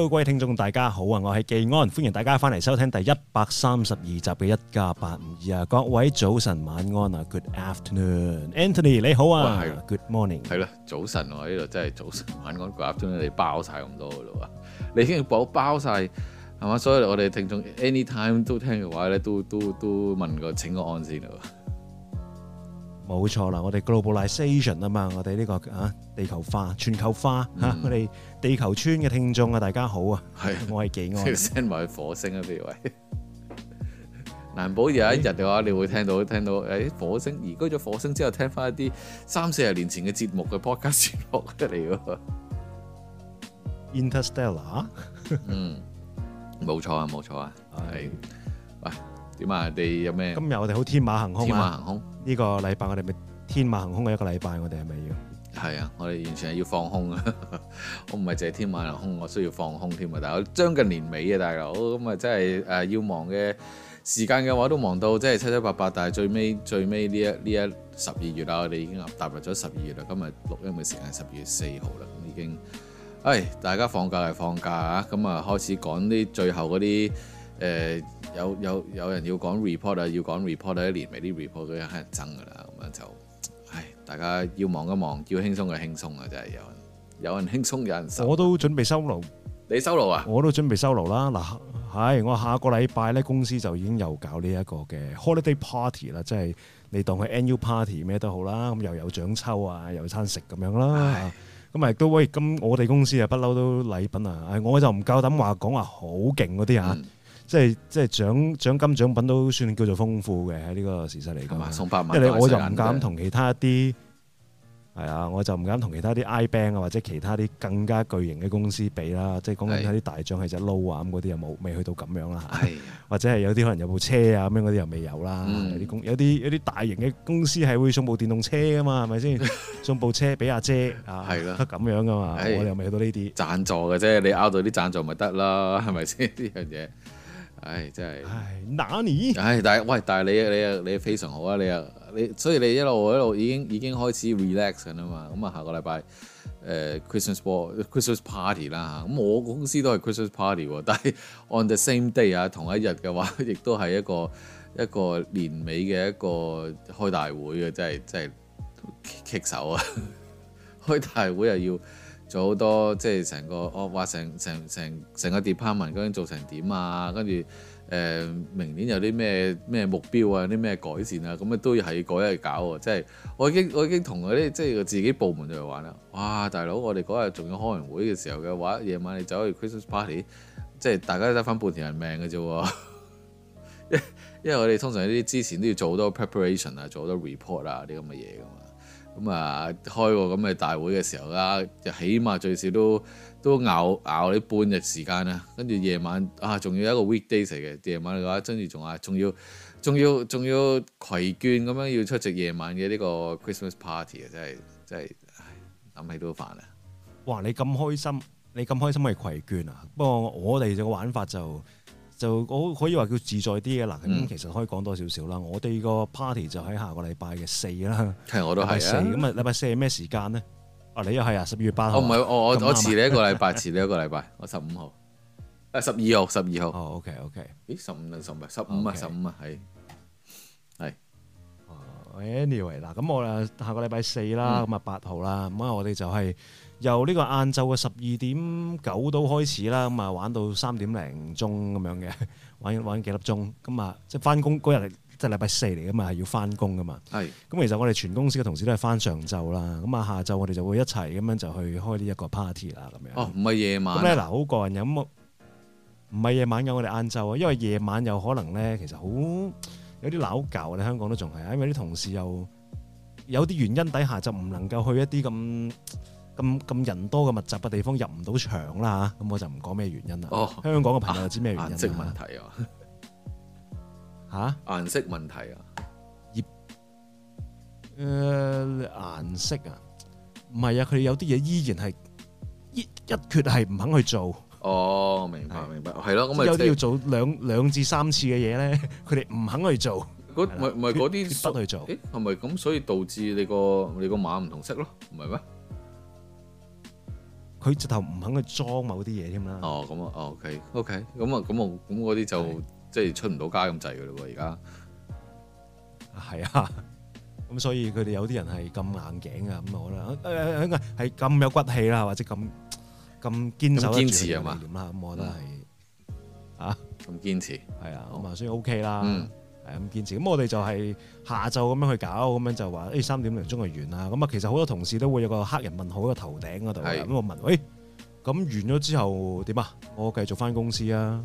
各位聽眾大家好啊，我係技安，歡迎大家翻嚟收聽第一百三十二集嘅一家852啊，各位早晨晚安啊，Good afternoon，Anthony 你好啊，係 Good morning，係啦，早晨我喺度真係早晨晚安，今日你包晒咁多噶啦，你已經補包晒係嘛？所以我哋聽眾 anytime 都聽嘅話咧，都都都問個請個安先啦。冇錯啦，我哋 g l o b a l i z a t i o n 啊嘛，我哋呢個啊地球化、全球化嚇、嗯啊，我哋地球村嘅聽眾啊，大家好啊，的我係技安。send 埋去火星啊，譬如話，難保有一日嘅話，你會聽到聽到誒、欸、火星移居咗火星之後，聽翻一啲三四十年前嘅節目嘅 podcast 落嚟喎。Interstellar。 嗯，冇錯啊，冇錯啊，係的。喂，點啊？你有咩？今日我哋好天馬行空啊！天馬行空。呢個禮拜我哋咪天馬行空嘅一個禮拜，我哋係咪要？係啊，我哋完全係要放空啊！ 我唔係淨係天馬行空，我需要放空添啊！大佬將近年尾啊，大佬咁啊，真係誒要忙嘅時間嘅話，都忙到真係七七八八。但係最尾最尾呢一呢一十二月啦，我哋已經踏入咗十二月啦。今日錄音嘅時間係十二月四號啦，已經。誒、哎，大家放假係放假啊！咁啊，開始講啲最後嗰啲誒。呃有有有人要講 report 啊，要講 report 啊，一年未啲 report 都有人係爭噶啦，咁樣就唉，大家要望一望，要輕鬆嘅輕鬆啊，真係有人，有人輕鬆，有人收、啊。我都準備收爐，你收爐啊？我都準備收爐啦。嗱，係、哎、我下個禮拜咧，公司就已經又搞呢一個嘅 holiday party 啦，即係你當佢 annual party 咩都好啦，咁又有獎抽啊，有餐食咁樣啦。咁唉啊亦都喂，以，咁我哋公司啊不嬲都禮品啊。唉，我就唔夠膽話講話好勁嗰啲嚇。即係即係獎獎金獎品都算叫做豐富嘅喺呢個事實嚟嘅，送百萬，因為我就唔敢同其他啲係已啊，我就唔敢同其他啲 I Bank 啊或者其他啲更加巨型嘅公司比啦。即係講緊其他啲大獎係隻撈啊咁嗰啲又冇，未去到咁樣啦。的或者係有啲可能有部車啊咁樣嗰啲又未有啦。嗯、有啲有啲大型嘅公司係會送部電動車噶嘛，係咪先送部車俾阿姐啊？係咯的，咁、啊啊、樣噶嘛，的 我又未去到呢啲贊助嘅啫，你拗到啲贊助咪得啦，係咪先呢樣嘢？ 唉，真係！唉，哪裏？唉，但係喂，但係你你你非常好啊！你啊，你，所以你一路一路已經已經開始 relax 緊啦嘛。咁、嗯、啊，下個禮拜誒 Christmas ball、Christmas party 啦咁、嗯、我公司都係 Christmas party 喎，但係 on the same day 啊，同一日嘅話，亦都係一個一個年尾嘅一個開大會嘅，真係真係棘手啊！開大會又要～做好多即係、哦、成，成，成，成個，我話成成成成個 department 究竟做成點啊，跟住誒、呃、明年有啲咩咩目標啊，啲咩改善啊，咁啊都要係改日搞喎、啊。即係我已經我已經同嗰啲即係自己部門就玩啦。哇，大佬，我哋嗰日仲要開完會嘅時候嘅話，夜晚你走去 Christmas party，即係大家都得翻半條人命嘅啫、哦。因 因為我哋通常呢啲之前都要做好多 preparation 啊，做好多 report 啊啲咁嘅嘢噶嘛。咁啊，開個咁嘅大會嘅時候啦，就起碼最少都都熬熬你半日時間啦。跟住夜晚啊，仲要一個 weekdays 嚟嘅夜晚嘅話，跟住仲啊，仲要仲要仲要攜眷咁樣要出席夜晚嘅呢個 Christmas party 啊！真係真係唉，諗起都煩啊！哇，你咁開心，你咁開心係攜眷啊！不過我哋就個玩法就～就我可以話叫自在啲嘅啦，咁其實可以講多少少啦。我哋個 party 就喺下個禮拜嘅四啦，禮拜四。咁啊，禮拜四係咩時間呢？哦，你又係啊？十二月八號。我唔係，我我我遲你一個禮拜，遲你一個禮拜。我十五號，啊十二號，十二號。哦，OK OK。咦，十五啊十五啊？十五啊，十五啊，係。Anyway，嗱咁我啊下個禮拜四啦，咁啊八號啦，咁啊我哋就係由呢個晏晝嘅十二點九到開始啦，咁啊玩到三點零鐘咁樣嘅，玩玩幾粒鐘，咁啊即係翻工嗰日，即係禮拜四嚟，噶嘛，係要翻工噶嘛。係，咁其實我哋全公司嘅同事都係翻上晝啦，咁啊下晝我哋就會一齊咁樣就去開呢一個 party 啦，咁樣。哦，唔係夜晚咧、啊，嗱好過癮冇？唔係夜晚有我哋晏晝啊，因為夜晚有可能咧，其實好。有啲拗教你香港都仲係，因為啲同事又有啲原因底下就唔能夠去一啲咁咁咁人多嘅密集嘅地方，入唔到場啦嚇，咁我就唔講咩原因啦。哦，香港嘅朋友知咩原因啊？顏色問題啊？嚇？顏色問題啊？業？誒、呃、顏色啊？唔係啊，佢哋有啲嘢依然係一一決係唔肯去做。哦，明白明白，係咯咁。有啲要做兩兩至三次嘅嘢咧，佢哋唔肯去做。嗰唔係唔係嗰啲不去做？誒，係咪咁？所以導致你個你個馬唔同色咯，唔係咩？佢直頭唔肯去裝某啲嘢添啦。哦，咁啊，OK，OK，咁啊，咁啊，咁嗰啲就即係出唔到街咁滯噶咯，而家。係啊，咁所以佢哋有啲人係咁硬頸啊，咁我覺得誒誒係咁有骨氣啦，或者咁。咁堅，堅持啊嘛，咁啦，咁我覺得係、嗯、啊，咁堅持係啊，咁啊，所以 OK 啦，係咁、嗯啊、堅持。咁我哋就係下晝咁樣去搞，咁樣就話誒三點零鐘就完啦。咁啊，其實好多同事都會有個黑人問號喺個頭頂嗰度，咁我是問，喂、欸，咁完咗之後點啊？我繼續返公司啊，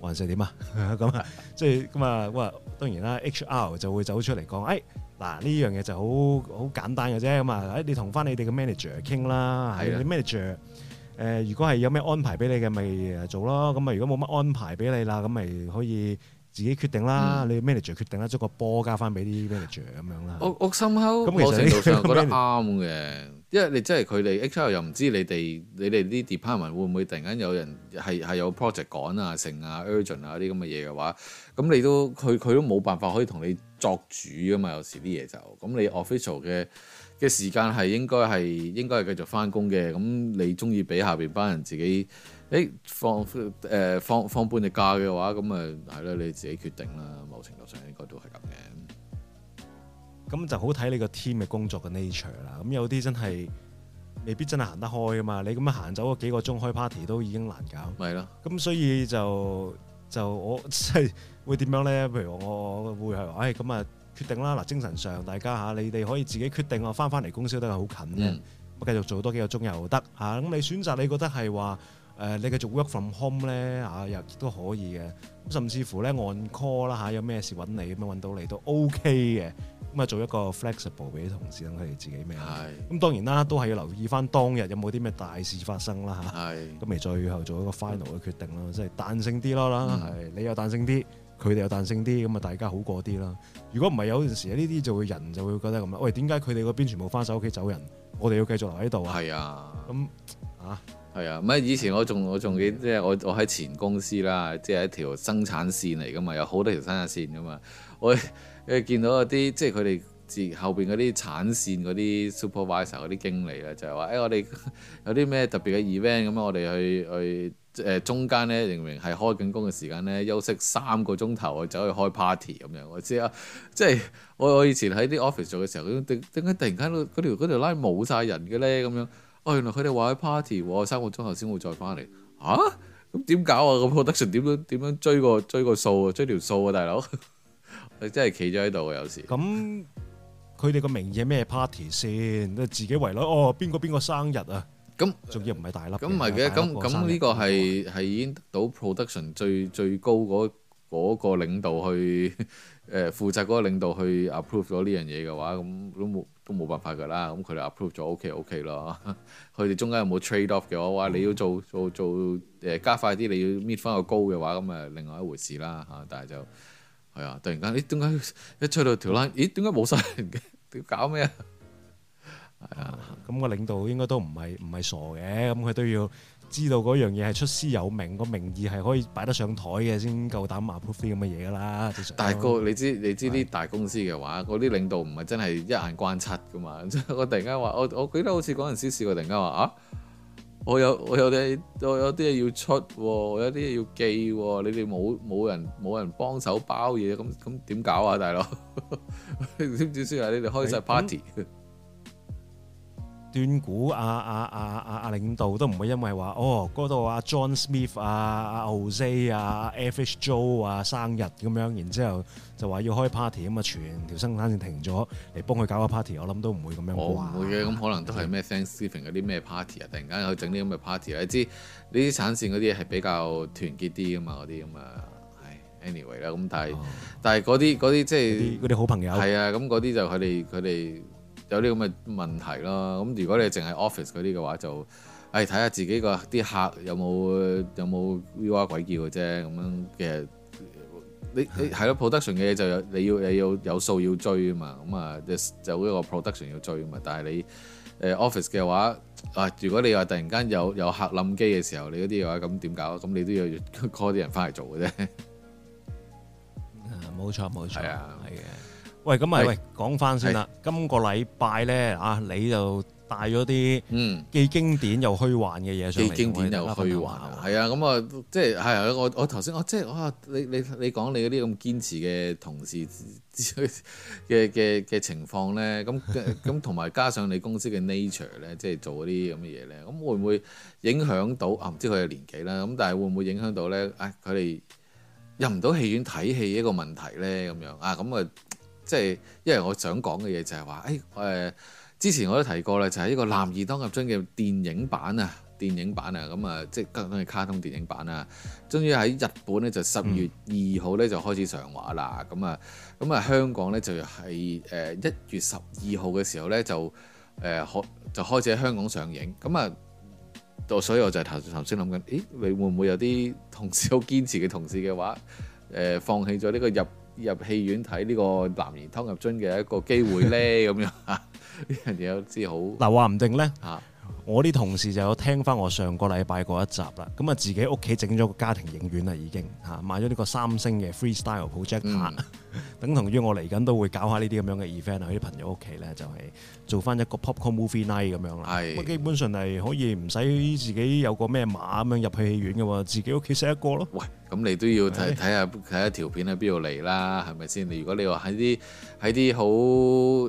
還是點啊？咁啊，即係咁啊，哇！當然啦，HR 就會走出嚟講，誒、欸、嗱，呢樣嘢就好好簡單嘅啫，咁、欸、啊，誒你同返你哋嘅 manager 傾啦，係 manager。你誒、呃，如果係有咩安排俾你嘅，咪誒做咯。咁啊，如果冇乜安排俾你啦，咁咪可以自己決定啦。嗯、你 manager 決定啦，將個波加翻俾啲 manager 咁樣啦。我其實、這個、我心口某程度上覺得啱嘅， 因為你真係佢哋 HR 又唔知你哋你哋啲 department 會唔會突然間有人係係有 project 趕啊、成啊、urgent 啊啲咁嘅嘢嘅話，咁你都佢佢都冇辦法可以同你作主㗎嘛。有時啲嘢就咁，你 official 嘅。嘅時間係應該係應該係繼續翻工嘅。咁你中意俾下邊班人自己，誒放誒、呃、放放半日假嘅話，咁啊係啦，你自己決定啦，某程度上應該都係咁嘅。咁就好睇你個 team 嘅工作嘅 nature 啦。咁有啲真係未必真係行得開㗎嘛。你咁樣行走嗰幾個鐘開 party 都已經難搞，係囉的。咁所以就就我即係 會點樣咧？譬如我我會係話誒咁啊。哎決定啦，嗱精神上大家嚇，你哋可以自己決定話翻翻嚟公司都係好近嘅，我 Yeah. 繼續做多幾個鐘又得嚇，咁、啊、你選擇你覺得係話誒你繼續 work from home 咧嚇，又、啊、都可以嘅、啊，甚至乎咧 on call 啦、啊、嚇，有咩事揾你咁樣揾到你都 OK 嘅，咁啊做一個 flexible 俾啲同事等佢哋自己咩，咁 Yeah. 當然啦，都係要留意翻當日有冇啲咩大事發生啦嚇，咁咪 Yeah.、啊、最後做一個 final 嘅決定咯，即係、mm. 彈性啲咯啦，係、mm. 你又彈性啲。佢哋有彈性啲，咁啊大家好過啲啦。如果唔係有陣時呢啲做嘅人就會覺得咁樣，喂，點解佢哋嗰邊全部返晒屋企走人？我哋要繼續留喺度啊！係啊，咁啊，係啊。唔係以前我仲我仲記，即係我我喺前公司啦，即係一條生產線嚟噶嘛，有好多條生產線噶嘛。我誒見到嗰啲即係佢哋後邊嗰啲產線嗰啲 supervisor 嗰啲經理啊，就係話誒我哋有啲咩特別嘅 event 咁，我哋去去，去誒中間咧，明明係開緊工嘅時間咧，休息三個鐘頭去走去開 party 咁樣，我知啊。即係我我以前喺啲 office 做嘅時候，點點解突然間嗰嗰條嗰條 line 冇晒人嘅咧？咁樣哦，原來佢哋話喺 party，三個鐘頭先會再翻嚟。啊，咁點搞啊？咁我得順點樣點樣追個追個數啊？追條數，數啊，大佬！你 真係企咗喺度啊，有時。咁佢哋個名義係咩 party 先？自己圍咯。哦，邊個邊個生日啊？咁仲要唔係大粒？咁唔係嘅，咁咁呢個係係已經到 production 最最高嗰嗰個領導去誒 負責嗰個領導去 approve 咗呢樣嘢嘅話，咁都冇都冇辦法㗎啦。咁佢哋 approve 咗，OK OK 咯。佢 哋中間有冇 trade off 嘅話、嗯，你，你要做做做誒加快啲，你要搣翻個高嘅話，咁誒另外一回事啦嚇。但係就係啊，突然間咦，點解一出到條 line？咦，點解冇晒人嘅？點搞咩啊？啊，咁、嗯那個領導應該都唔係唔係傻嘅，咁佢都要知道嗰樣嘢係出師有名，個名義係可以擺得上台嘅先夠膽馬撲啲咁嘅嘢噶啦。但係是、嗯、你知是的 你知啲大公司嘅話，嗰啲領導唔係真係一眼關七噶嘛。 我突然間話，我我記得好似嗰陣時試過，突然間話啊，我有我有啲我有啲嘢要出，我有啲嘢要寄、啊，你哋冇冇人冇人幫手包嘢，咁咁點搞啊大佬？知唔知先啊？你哋、啊、 開晒 party？斷估阿阿阿阿阿領導都唔會因為話哦嗰度阿 John Smith 阿、啊、阿、啊、O Z 阿、啊、 F H Joe 啊生日咁樣，然之後就話要開 party 咁啊，全條生產線停咗嚟幫佢搞個 party，我諗都唔會咁樣。我唔會嘅，咁可能都係咩 Thanksgiving 嗰啲咩 party 啊，突然間去整啲咁嘅 party 啊。你知呢啲產線嗰啲係比較團結啲噶嘛，嗰啲咁啊。係 anyway 啦，咁、哦、但係但係嗰啲嗰啲即係嗰啲好朋友。係啊，咁嗰啲就佢哋佢哋。有啲咁嘅問題咯，咁如果你淨係 office 嗰啲嘅話，就誒睇下自己個啲客有冇有冇 U R 鬼叫嘅啫，咁樣嘅，實你你係咯 production 嘅嘢就有你要你要有數要追啊嘛，咁啊就就呢個 production 要追啊嘛，但係你誒 office 嘅話，啊如果你話突然間有有客冧機嘅時候，你嗰啲嘅話咁點搞？咁你都要 call 啲人返嚟做嘅啫。冇錯冇錯，啊，係嘅。喂，咁咪喂，講翻先啦。是今個禮拜咧，啊，你就帶咗啲既經典又虛幻嘅嘢上嚟。既經典又虛幻，係啊。咁啊、嗯，即係係我我頭先，我，我即係啊，你你你講你嗰啲咁堅持嘅同事嘅嘅嘅情況咧，咁咁同埋加上你公司嘅 nature 咧，即係做嗰啲咁嘅嘢咧，咁會唔會影響到啊？唔知佢嘅年紀啦，咁但係會唔會影響到咧？啊、哎，佢哋入唔到戲院睇戲一個問題咧，咁樣啊，咁啊。即係，因為我想講嘅嘢就係話，誒，之前我都提過啦，就係呢個《男兒當入樽》嘅電影版啊，電影版啊，咁啊，即係等等嘅卡通電影版啊。終於喺日本呢就十月二號呢，就開始上畫啦，咁啊，咁啊，香港呢，就係誒一月十二號嘅時候呢，就誒開就開始喺香港上映，咁啊，到所以我就係頭頭先諗緊，誒你會唔會有啲同事好堅持嘅同事嘅話，誒放棄咗呢個入入戲院睇呢個《男兒當入樽》嘅一個機會呢，咁樣呢樣嘢都知好。嗱話唔定呢，嚇， 我啲同事就有聽翻我上個禮拜嗰一集啦，咁啊自己屋企整咗個家庭影院啦已經嚇，買咗呢個三星嘅 FreeStyle projector。等同於我嚟緊都會搞下呢啲咁樣嘅 event 喺啲朋友屋企咧，就係做翻一個 popcorn movie night 咁是樣啦。咁基本上係可以唔使自己有個咩碼咁樣入戲院嘅喎，自己屋企食一個咯。喂，咁你都要睇睇是下睇一下條片喺邊度嚟啦，係咪先？你 如果你話喺啲喺啲好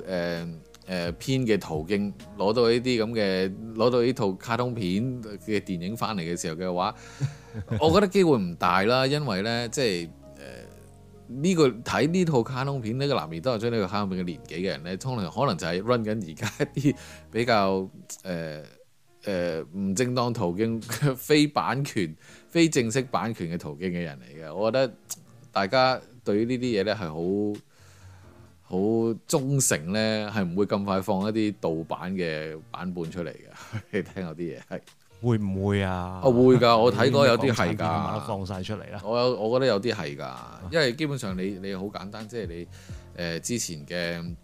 誒誒偏嘅途徑攞到呢啲咁嘅攞到呢套卡通片嘅電影翻嚟嘅時候嘅話， 我覺得機會唔大啦，因為咧即係。呢、呢個睇呢套卡通片呢、呢個男兒都係將呢個卡通片嘅年紀嘅人呢，通常可能就係 run 緊而家一啲比較誒誒唔正當途徑、非版權、非正式版權嘅途徑嘅人嚟嘅。我覺得大家對於呢啲嘢呢係好好忠誠，呢係唔會咁快放一啲盜版嘅版本出嚟嘅。你聽我啲嘢係。會唔會啊？啊會㗎！我睇過有啲係㗎。放晒出嚟啦，我有 我覺得有啲係㗎，因為基本上你你好簡單，即係你誒、呃、之前嘅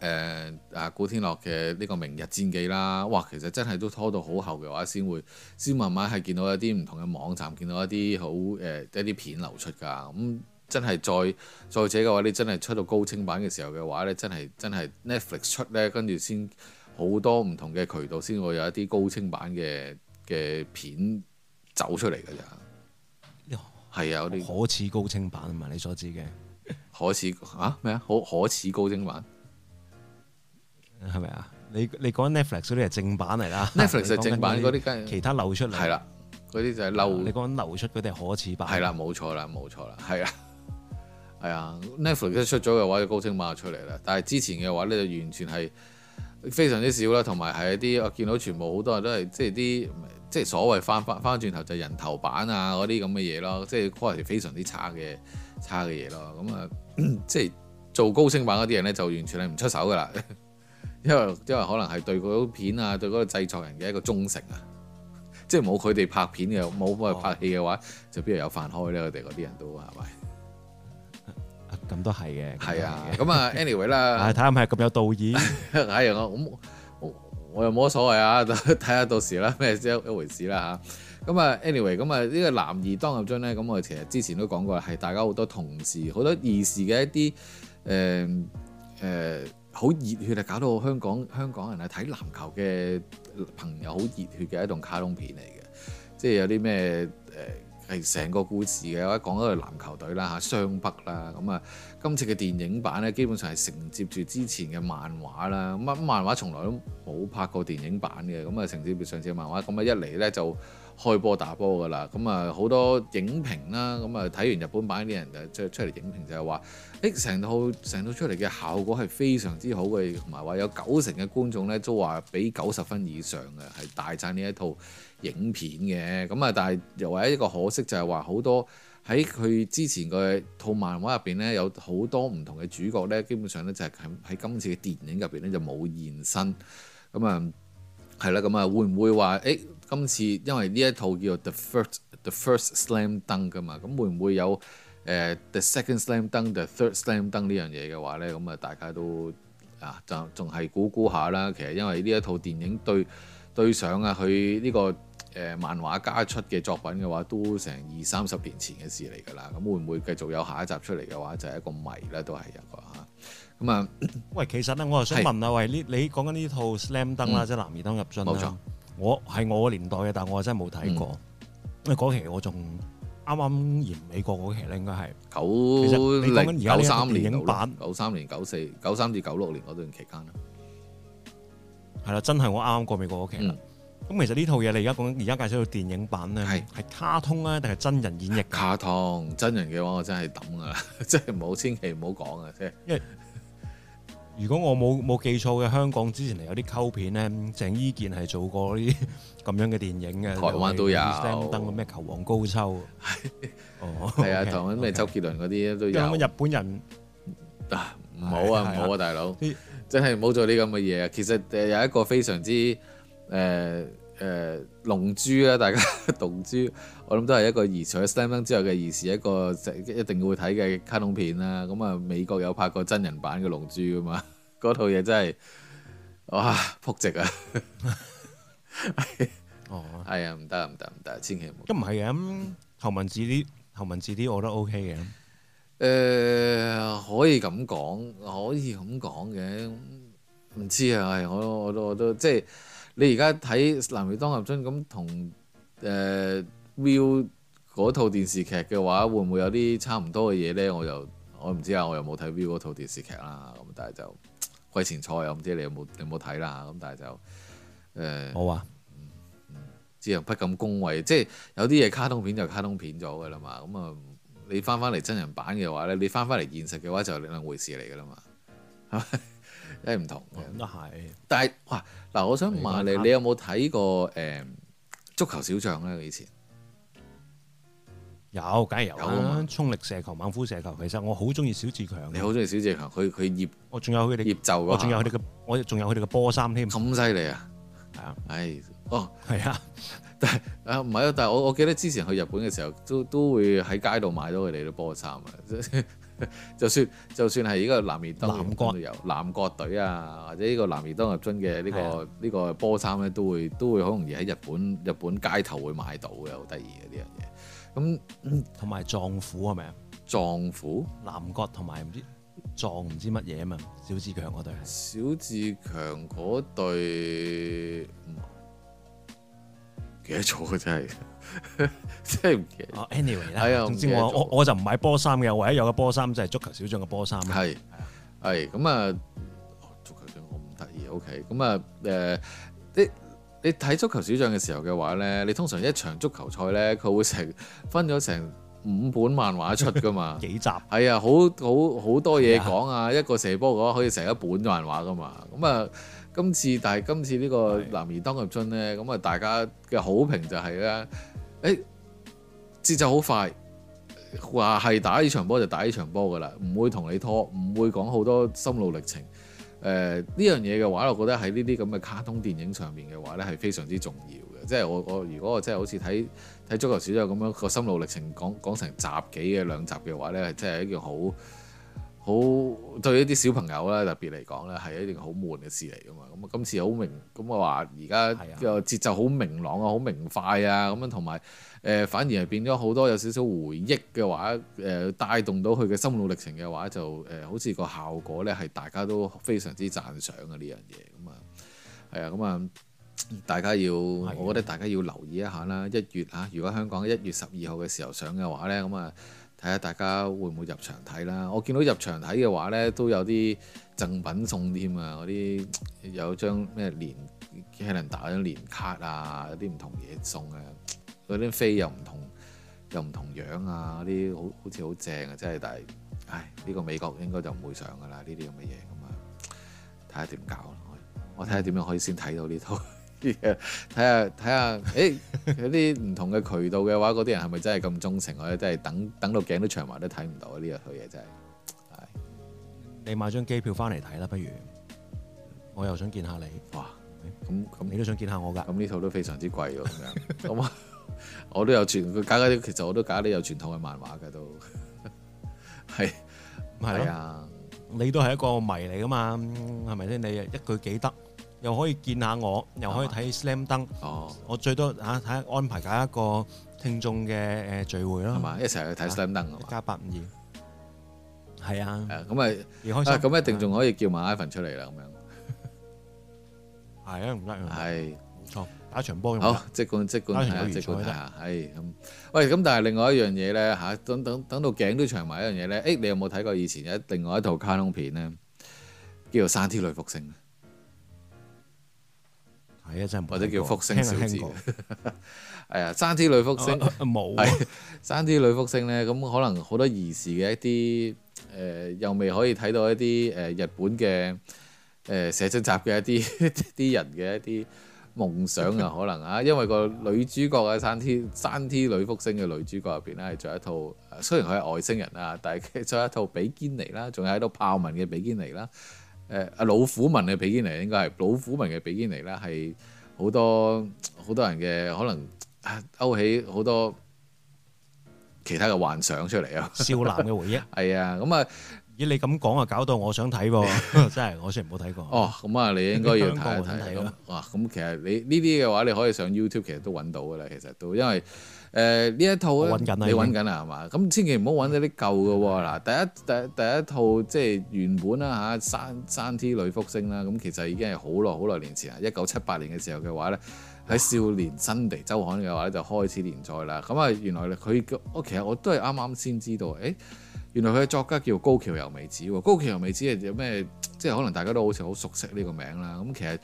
誒啊古天樂嘅呢個《明日戰記》啦，哇！其實真係都拖到好後嘅話，先會先慢慢係見到一啲唔同嘅網站，見到一啲好誒、呃、一啲片流出㗎。咁、嗯、真係再再者嘅話，你真係出到高清版嘅時候嘅話咧，真係真係 Netflix 出呢，跟住先。好多唔同嘅渠道先會有一啲高清版嘅嘅片走出嚟噶，咋係啊，嗰啲可恥高清版，啊嘛？你所知嘅 可恥啊？咩啊？可可恥高清版係咪啊？你你講 Netflix 嗰啲係正版嚟啦，Netflix 係正版嗰啲，其他流出嚟係、啊啊、啦，嗰啲就係流。你講緊流出嗰啲係可恥版係啦，冇錯啦，冇錯啦，係啊係啊。Netflix 出咗嘅話，高清版就出嚟啦。但係之前嘅話咧，就完全係。非常之少啦，同埋係一啲我見到全部好多人都係即係啲即係所謂翻翻翻轉頭就人頭版啊嗰啲咁嘅嘢咯，即係可能非常之差嘅差嘅嘢咯。咁啊，即係做高清版嗰啲人咧，就完全係唔出手噶啦，因為因為可能係對個片啊對嗰個製作人嘅一個忠誠啊，即係冇佢哋拍片嘅冇佢哋拍戲嘅話，哦、就邊有飯開咧？佢哋嗰啲人都係咪？咁都係嘅，係啊，咁啊，anyway 啦，睇下係咁有道義，係 我咁，我又冇乜所謂啊，睇下到時啦，咩一回事啦嚇。咁啊，anyway，咁啊，呢個男兒當入樽咧，咁我其實之前都講過，係大家好多同事、好多兒時嘅一啲誒誒好熱血啊，搞到香港香港人係睇籃球嘅朋友好熱血嘅一段卡通片嚟嘅，即係有啲咩誒。呃係成個故事嘅，我一講一個籃球隊啦嚇，湘北啦，咁啊，今次嘅電影版呢，基本上係承接住之前嘅漫畫啦，咁啊，漫畫從來都冇拍過電影版嘅，咁啊，承接住上次嘅漫畫，咁啊一嚟呢就開波打波㗎啦，咁啊好多影評啦，咁啊睇完日本版啲人出就出出嚟影評就係話，誒成套成套出嚟嘅效果係非常之好嘅，同埋話有九成嘅觀眾呢，都話俾九十分以上嘅，係大讚呢一套。影片嘅咁啊，但係又係一個可惜，就係話好多喺佢之前嘅套漫畫入邊咧，有好多唔同嘅主角咧，基本上咧就係、是、喺今次嘅電影入邊咧就冇現身，咁啊，係啦，咁啊會唔會話誒、欸、今次因為呢一套叫做 The First The First Slam Dunk 噶嘛，咁會唔會有誒、呃、The Second Slam Dunk The Third Slam Dunk 呢樣嘢嘅話咧，咁啊大家都啊就仲係估估下啦。其實因為呢一套電影對對上啊佢呢、這個。誒漫畫家出嘅作品嘅話，都成二三十年前嘅事嚟㗎喇。咁會唔會繼續有下一集出嚟嘅話，就係、是、一個謎啦。都係一個嚇。咁、嗯、啊，喂，其實咧，我又想問啊，是喂，呢你講緊呢套 Down,、嗯《Slam Dunk》啦，即係《男兒當入樽》。冇錯，我係我嘅年代嘅，但我真係冇睇過。因為嗰期我仲啱啱完美國嗰期咧，應該係九 90 3 你講緊九三年版，九三年九四九三至九六年嗰段期間啦。係啦，真係我啱啱過美國嗰期啦。嗯咁其實呢套嘢你而家講，而家介紹到電影版咧，係卡通咧，定係真人演繹？卡通真人嘅話，我真係抌噶，真係唔好千祈唔好講啊！即係，因為如果我冇冇記錯嘅，香港之前嚟有啲溝片咧，鄭伊健係做過啲咁樣嘅電影嘅，台灣都有登個咩《球王高秋》。係哦，係啊，咩周杰倫嗰啲都有。日本人唔好啊，唔好啊，大佬，真係唔好做呢咁嘅嘢啊！其實有一個非常之誒。誒、呃、龍珠啊，大家龍珠，我諗都係一個，兒時除咗《Slam Dunk》之外嘅，兒時一個一定會睇嘅卡通片啊。咁、嗯、啊，美國有拍過真人版嘅《龍珠》噶嘛？嗰套嘢真係哇仆直啊！ 哦，係啊， 唔得唔得唔得，千祈唔好。咁唔係嘅，頭文字 D 頭、嗯、文字 D，我都 OK 嘅。誒、呃，可以咁講，可以咁講嘅，唔知啊，我我都我都即係。即即你而家睇《男兒當入樽》咁同誒 Viu 嗰套電視劇嘅話，會唔會有啲差唔多嘅嘢呢？我又我唔知啊，我又冇睇 Viu 嗰套電視劇啦。咁但係就《桂綺菜》，我唔知你有冇有冇睇啦。咁但係就誒，呃、我啊，嗯，只、嗯、能不敢恭維。即係有啲嘢卡通片就卡通片咗嘅啦嘛。咁啊，你翻翻嚟真人版嘅話呢，你翻翻嚟現實嘅話就兩回事嚟嘅啦嘛，係 一唔同，咁都係。但係哇，嗱，我想問你，你有冇睇過誒、嗯、足球小將咧？以前有，梗係有啦。有啊、衝力射球、猛虎射球，其實我好中意小志強，你好中意小志強？佢佢葉，我仲有佢哋葉奏，我仲有佢哋嘅，我仲有佢哋嘅波衫添。咁犀利啊！係啊，唉，哦，係是啊， 但係啊，唔係啊，但係我我記得之前去日本嘅時候，都都會喺街度買到佢哋嘅波衫啊。 就算就算係呢個男兒當都有南國隊啊，或者呢個男兒當入樽嘅呢個呢是、啊、個波衫咧，都會都會好容易喺日本日本街頭會買到嘅，好得意嘅呢樣嘢。咁同埋藏虎係咪啊？藏虎南國同埋唔知藏唔知乜嘢啊嘛？小志強嗰隊小志強嗰隊幾錯真係。即係，Anyway 啦，總之我我我就唔買波衫嘅，唯一有個波衫就係足球小將嘅波衫。係係咁啊，足球小將我唔得意。OK，咁啊，誒，你你睇足球小將嘅時候嘅話咧，你通常一場足球賽咧，佢會成分咗成五本漫畫出噶嘛？幾集係啊，好好好多嘢講啊，一個射波嘅話可以成一本漫畫噶嘛。咁啊，今次但係今次呢個男兒當入樽咧，咁啊大家嘅好評就係咧。誒、欸、節奏好快，話係打呢場波就打呢場波噶啦，唔會同你拖，唔會講好多心路歷程。誒、呃、呢樣嘢嘅話，我覺得喺呢啲咁嘅卡通電影上面嘅話呢係非常之重要嘅。即係我我如果我即係好似睇睇足球小將咁樣，個心路歷程講講成集幾嘅兩集嘅話呢係真係一件好。好對一啲小朋友咧特別嚟講咧係一定好悶嘅事嚟㗎嘛，咁啊今次好明咁啊話而家嘅節奏好明朗啊，好明快啊，咁樣同埋誒反而係變咗好多有少少回憶嘅話誒、呃，帶動到佢嘅心路歷程嘅話就誒、呃，好似個效果咧係大家都非常之讚賞嘅呢樣嘢咁啊，係啊咁啊，大家要是的 我覺得大家要留意一下啦，一月嚇、啊、如果香港一月十二號嘅時候上嘅話咧，咁啊～睇下大家會唔會入場睇啦。我見到入場睇嘅話呢，都有啲贈品送添啊。嗰啲有張咩連機器人打張連卡啊，有啲唔同嘢送嘅啊。嗰啲飛又唔同又唔同樣啊。嗰啲好好似好正啊，真係。但係唉，呢個美國應該就唔會上㗎啦。呢啲咁嘅嘢咁啊，睇下點搞。我睇下點樣可以先睇到呢套。睇下睇下，誒有啲唔同嘅渠道嘅話，嗰啲人係咪真係咁忠誠？我哋真係等等到頸都長埋都睇唔到。呢一套嘢真係，你買張機票翻嚟睇啦，不如，我又想見下你。哇，咁咁、嗯、你都想見下我㗎？咁呢套都非常之貴喎。咁樣，咁 我都有傳佢搞一其實我都假一啲有傳統嘅漫畫嘅都，係 係是啊，你都係一個迷嚟㗎嘛，係咪先？你一句幾得？又可以見下我，又可以睇《Slam Dunk》。哦，我最多嚇睇安排搞一個聽眾嘅誒聚會啦，係嘛？一齊去睇《Slam Dunk》。一家八五二。係啊。咁咪。啊，咁一定仲可以叫埋 Ivan 出嚟啦，咁樣。係啊，唔得，啊。係，冇錯，打場波好。即管即管打完即管睇下。係咁。喂，咁但係另外一樣嘢咧嚇，等等等到頸都長埋一樣嘢咧。誒，你有冇睇過以前一另外一套卡通片咧？叫做《山 T 女福星》。係啊，真或者叫福星小子。係、 哎、啊，啊啊 山 T 女福星冇，係山 T 女福星咧，咁可能好多兒時嘅一啲，誒、呃、又未可以睇到一啲，誒日本嘅，誒、呃、寫真集嘅一啲，啲人嘅一啲夢想啊，可能啊，因為個女主角啊，山 T 山 T 女福星嘅女主角入邊咧，係著一套，雖然佢係外星人啊，但係著一套比堅尼啦，仲有喺度豹紋嘅比堅尼啦。誒啊！老虎紋嘅比堅尼應該係老虎紋嘅比堅尼啦，係好多好多人嘅可能勾起好多其他嘅幻想出嚟 啊！少男嘅回憶係啊，咁啊，咦？你咁講啊，搞到我想睇喎！ 真係我雖然冇睇過哦，咁啊，你應該要睇一睇咁啊！咁、嗯、其實你呢啲嘅話，你可以上 YouTube，其實都揾到㗎喇，其實都因為。誒呢一套咧，你揾緊啦係嘛？咁在千祈唔好揾啲舊嘅喎嗱，第一第第一套即係原本啦嚇，山山 T 女福星啦，咁其實已經係好耐好耐年前啦，一九七八年嘅時候嘅話咧，喺哇少年新地周刊嘅話咧就開始連載啦。咁啊原來佢，我其實我都係啱啱先知道，誒、欸、原來佢嘅作家叫高橋由美子喎。高橋由美子係有咩？即係可能大家都好似好熟悉呢個名啦。咁其實。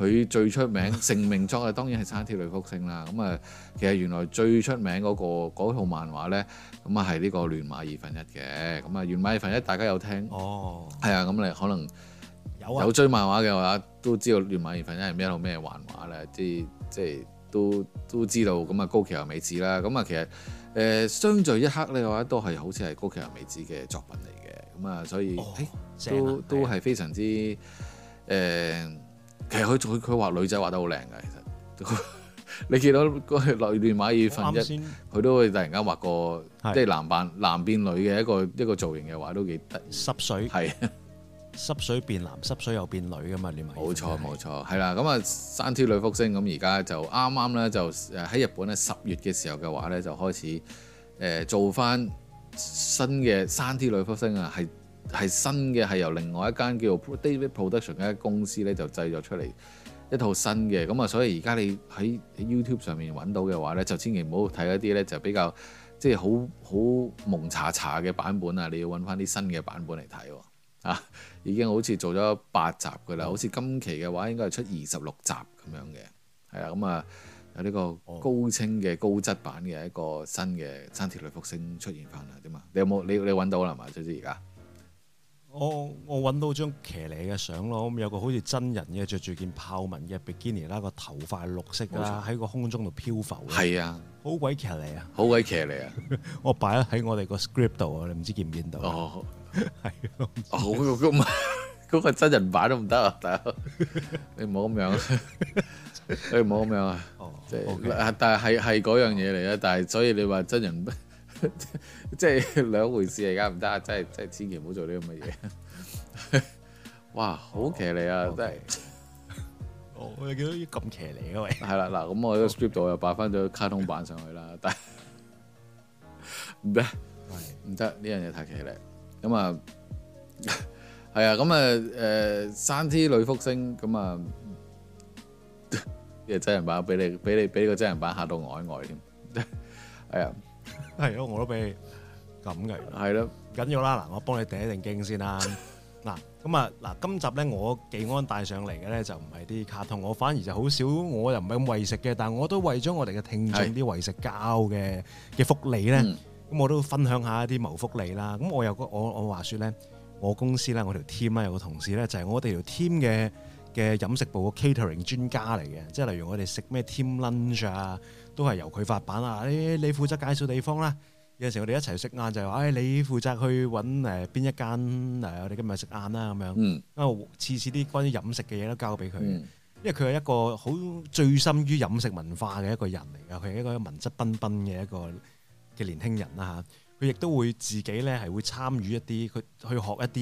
佢最出名、成 名作啊，當然係《山 T 女福星》啦。咁啊，其實原來最出名嗰、嗰個、套漫畫咧，咁啊係呢個《亂馬二分一》嘅。咁啊，《亂馬二分一》大家有聽？哦，係啊。咁你可能有追漫畫嘅話，都知道《亂馬二分一》係咩套咩漫畫咧？即即都都知道。咁啊，高橋留美子啦。咁啊，其實誒相聚一刻咧嘅話，我都係好似係高橋留美子嘅作品嚟嘅。咁啊，所以都都係非常之誒。的其實佢佢佢畫女仔畫得好靚嘅，其 實你見到嗰個亂馬二月份一，佢都會突然間畫個是即係男扮男變女嘅一個一個造型嘅畫都幾得意。濕水係是濕水變男，濕水又變女噶嘛你 馬。冇錯冇錯，係是啦咁啊山 T 女福星咁而家就啱啱咧就誒喺日本咧十月嘅時候嘅畫咧就開始誒做翻新嘅山 T 女福星啊係。係新嘅，係由另外一間叫做 David Production 嘅公司咧，就製作出嚟一套新嘅咁啊。所以而家你喺 YouTube 上面揾到嘅話咧，就千祈唔好睇一啲咧，就比較即係好好蒙查查嘅版本啊。你要揾翻啲新嘅版本嚟睇啊，啊。已經好似做咗八集嘅啦，好似今期嘅話應該係出二十六集咁樣嘅係啊。咁、嗯、啊，嗯嗯、有呢個高清嘅高質版嘅一個新嘅《山 T 女福星》出現翻啦，點啊？你有冇你你揾到啦嘛？總之而家。我我揾到張騎呢嘅相咯，咁有個好似真人嘅，着住件豹紋嘅 bikini 啦，個頭髮綠色啦，喺個空中度漂浮。係啊，好鬼騎呢啊！好鬼騎呢啊！ 我擺咗喺我哋個 script 度啊，你唔知見唔見到？哦，係啊， 好咁啊，嗰、哦嗰個真人版都唔得啊，大佬，你唔好咁樣，你唔好咁樣啊，即係但係係嗰樣嘢嚟啊，但係所以你話真人 即係兩回事嚟噶，唔得啊！真係真係，千祈唔好做啲咁嘅嘢。哇，好騎呢啊，真係！我、啊、 我見到啲咁騎呢嘅喂。係啦，嗱，咁我喺個 script 度又擺翻咗卡通版上去啦，但唔得，唔得，呢樣嘢太騎呢。咁 啊，係啊，咁啊，誒，山 T 女福星，咁啊， 真人版俾你俾你俾個真人版吓到呆呆添，哎 呀、啊！係咯，我都俾你咁嘅，係咯，緊要啦，嗱，我幫你定一定經先啦。嗱，咁啊，嗱，今集咧我技安帶上嚟嘅咧就唔係啲卡通，我反而就好少，我又唔係咁喂食嘅，但係我都為咗我哋嘅聽眾啲喂食膠嘅嘅福利咧，咁我都分享下一啲謀福利啦。咁我有個我我話說咧，我公司咧我條 team 咧有個同事咧就係我哋條 team 嘅嘅飲食部嘅 catering 專家嚟嘅，即係例如我哋食咩 team lunch 啊。都係由佢發辦啊！你、哎、你負責介紹地方啦。有陣時我哋一齊食晏就係、是、話，哎，你負責去揾誒邊一間誒、呃，我哋今日食晏啦咁樣。嗯。啊，次次啲關於飲食嘅嘢都交俾佢。因為佢係一個好醉心於飲食文化嘅一個人嚟㗎。佢係一個文質彬彬嘅一個嘅年輕人啦嚇。佢、啊、亦都會自己咧係會參與一啲，佢去學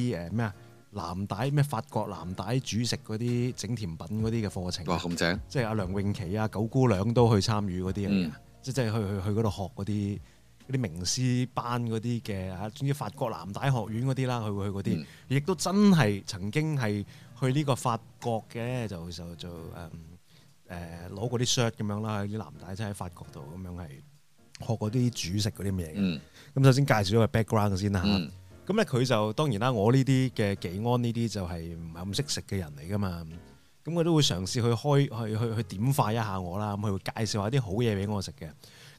一啲誒咩啊？呃藍帶咩？法國藍帶煮食嗰啲整甜品嗰啲嘅課程，哇！咁正，即係阿梁詠琪啊、九姑娘都去參與嗰啲啊，嗯、即係去去去嗰度學嗰啲啲名師班嗰啲嘅啊，總之法國藍帶學院嗰啲啦，去去嗰啲，亦、嗯、都真係曾經係去呢個法國嘅，就就就誒誒、嗯、攞嗰、呃、啲 shirt 咁樣啦，喺啲藍帶即喺法國度咁樣係學嗰啲煮食嗰啲咁嘢嘅。咁首先介紹咗個 background 先啦。咁咧佢就當然啦，我呢啲嘅技安呢啲就係唔係咁識食嘅人嚟噶嘛，咁佢都會嘗試去開去去去點化一下我啦，咁佢會介紹下啲好嘢俾我食嘅，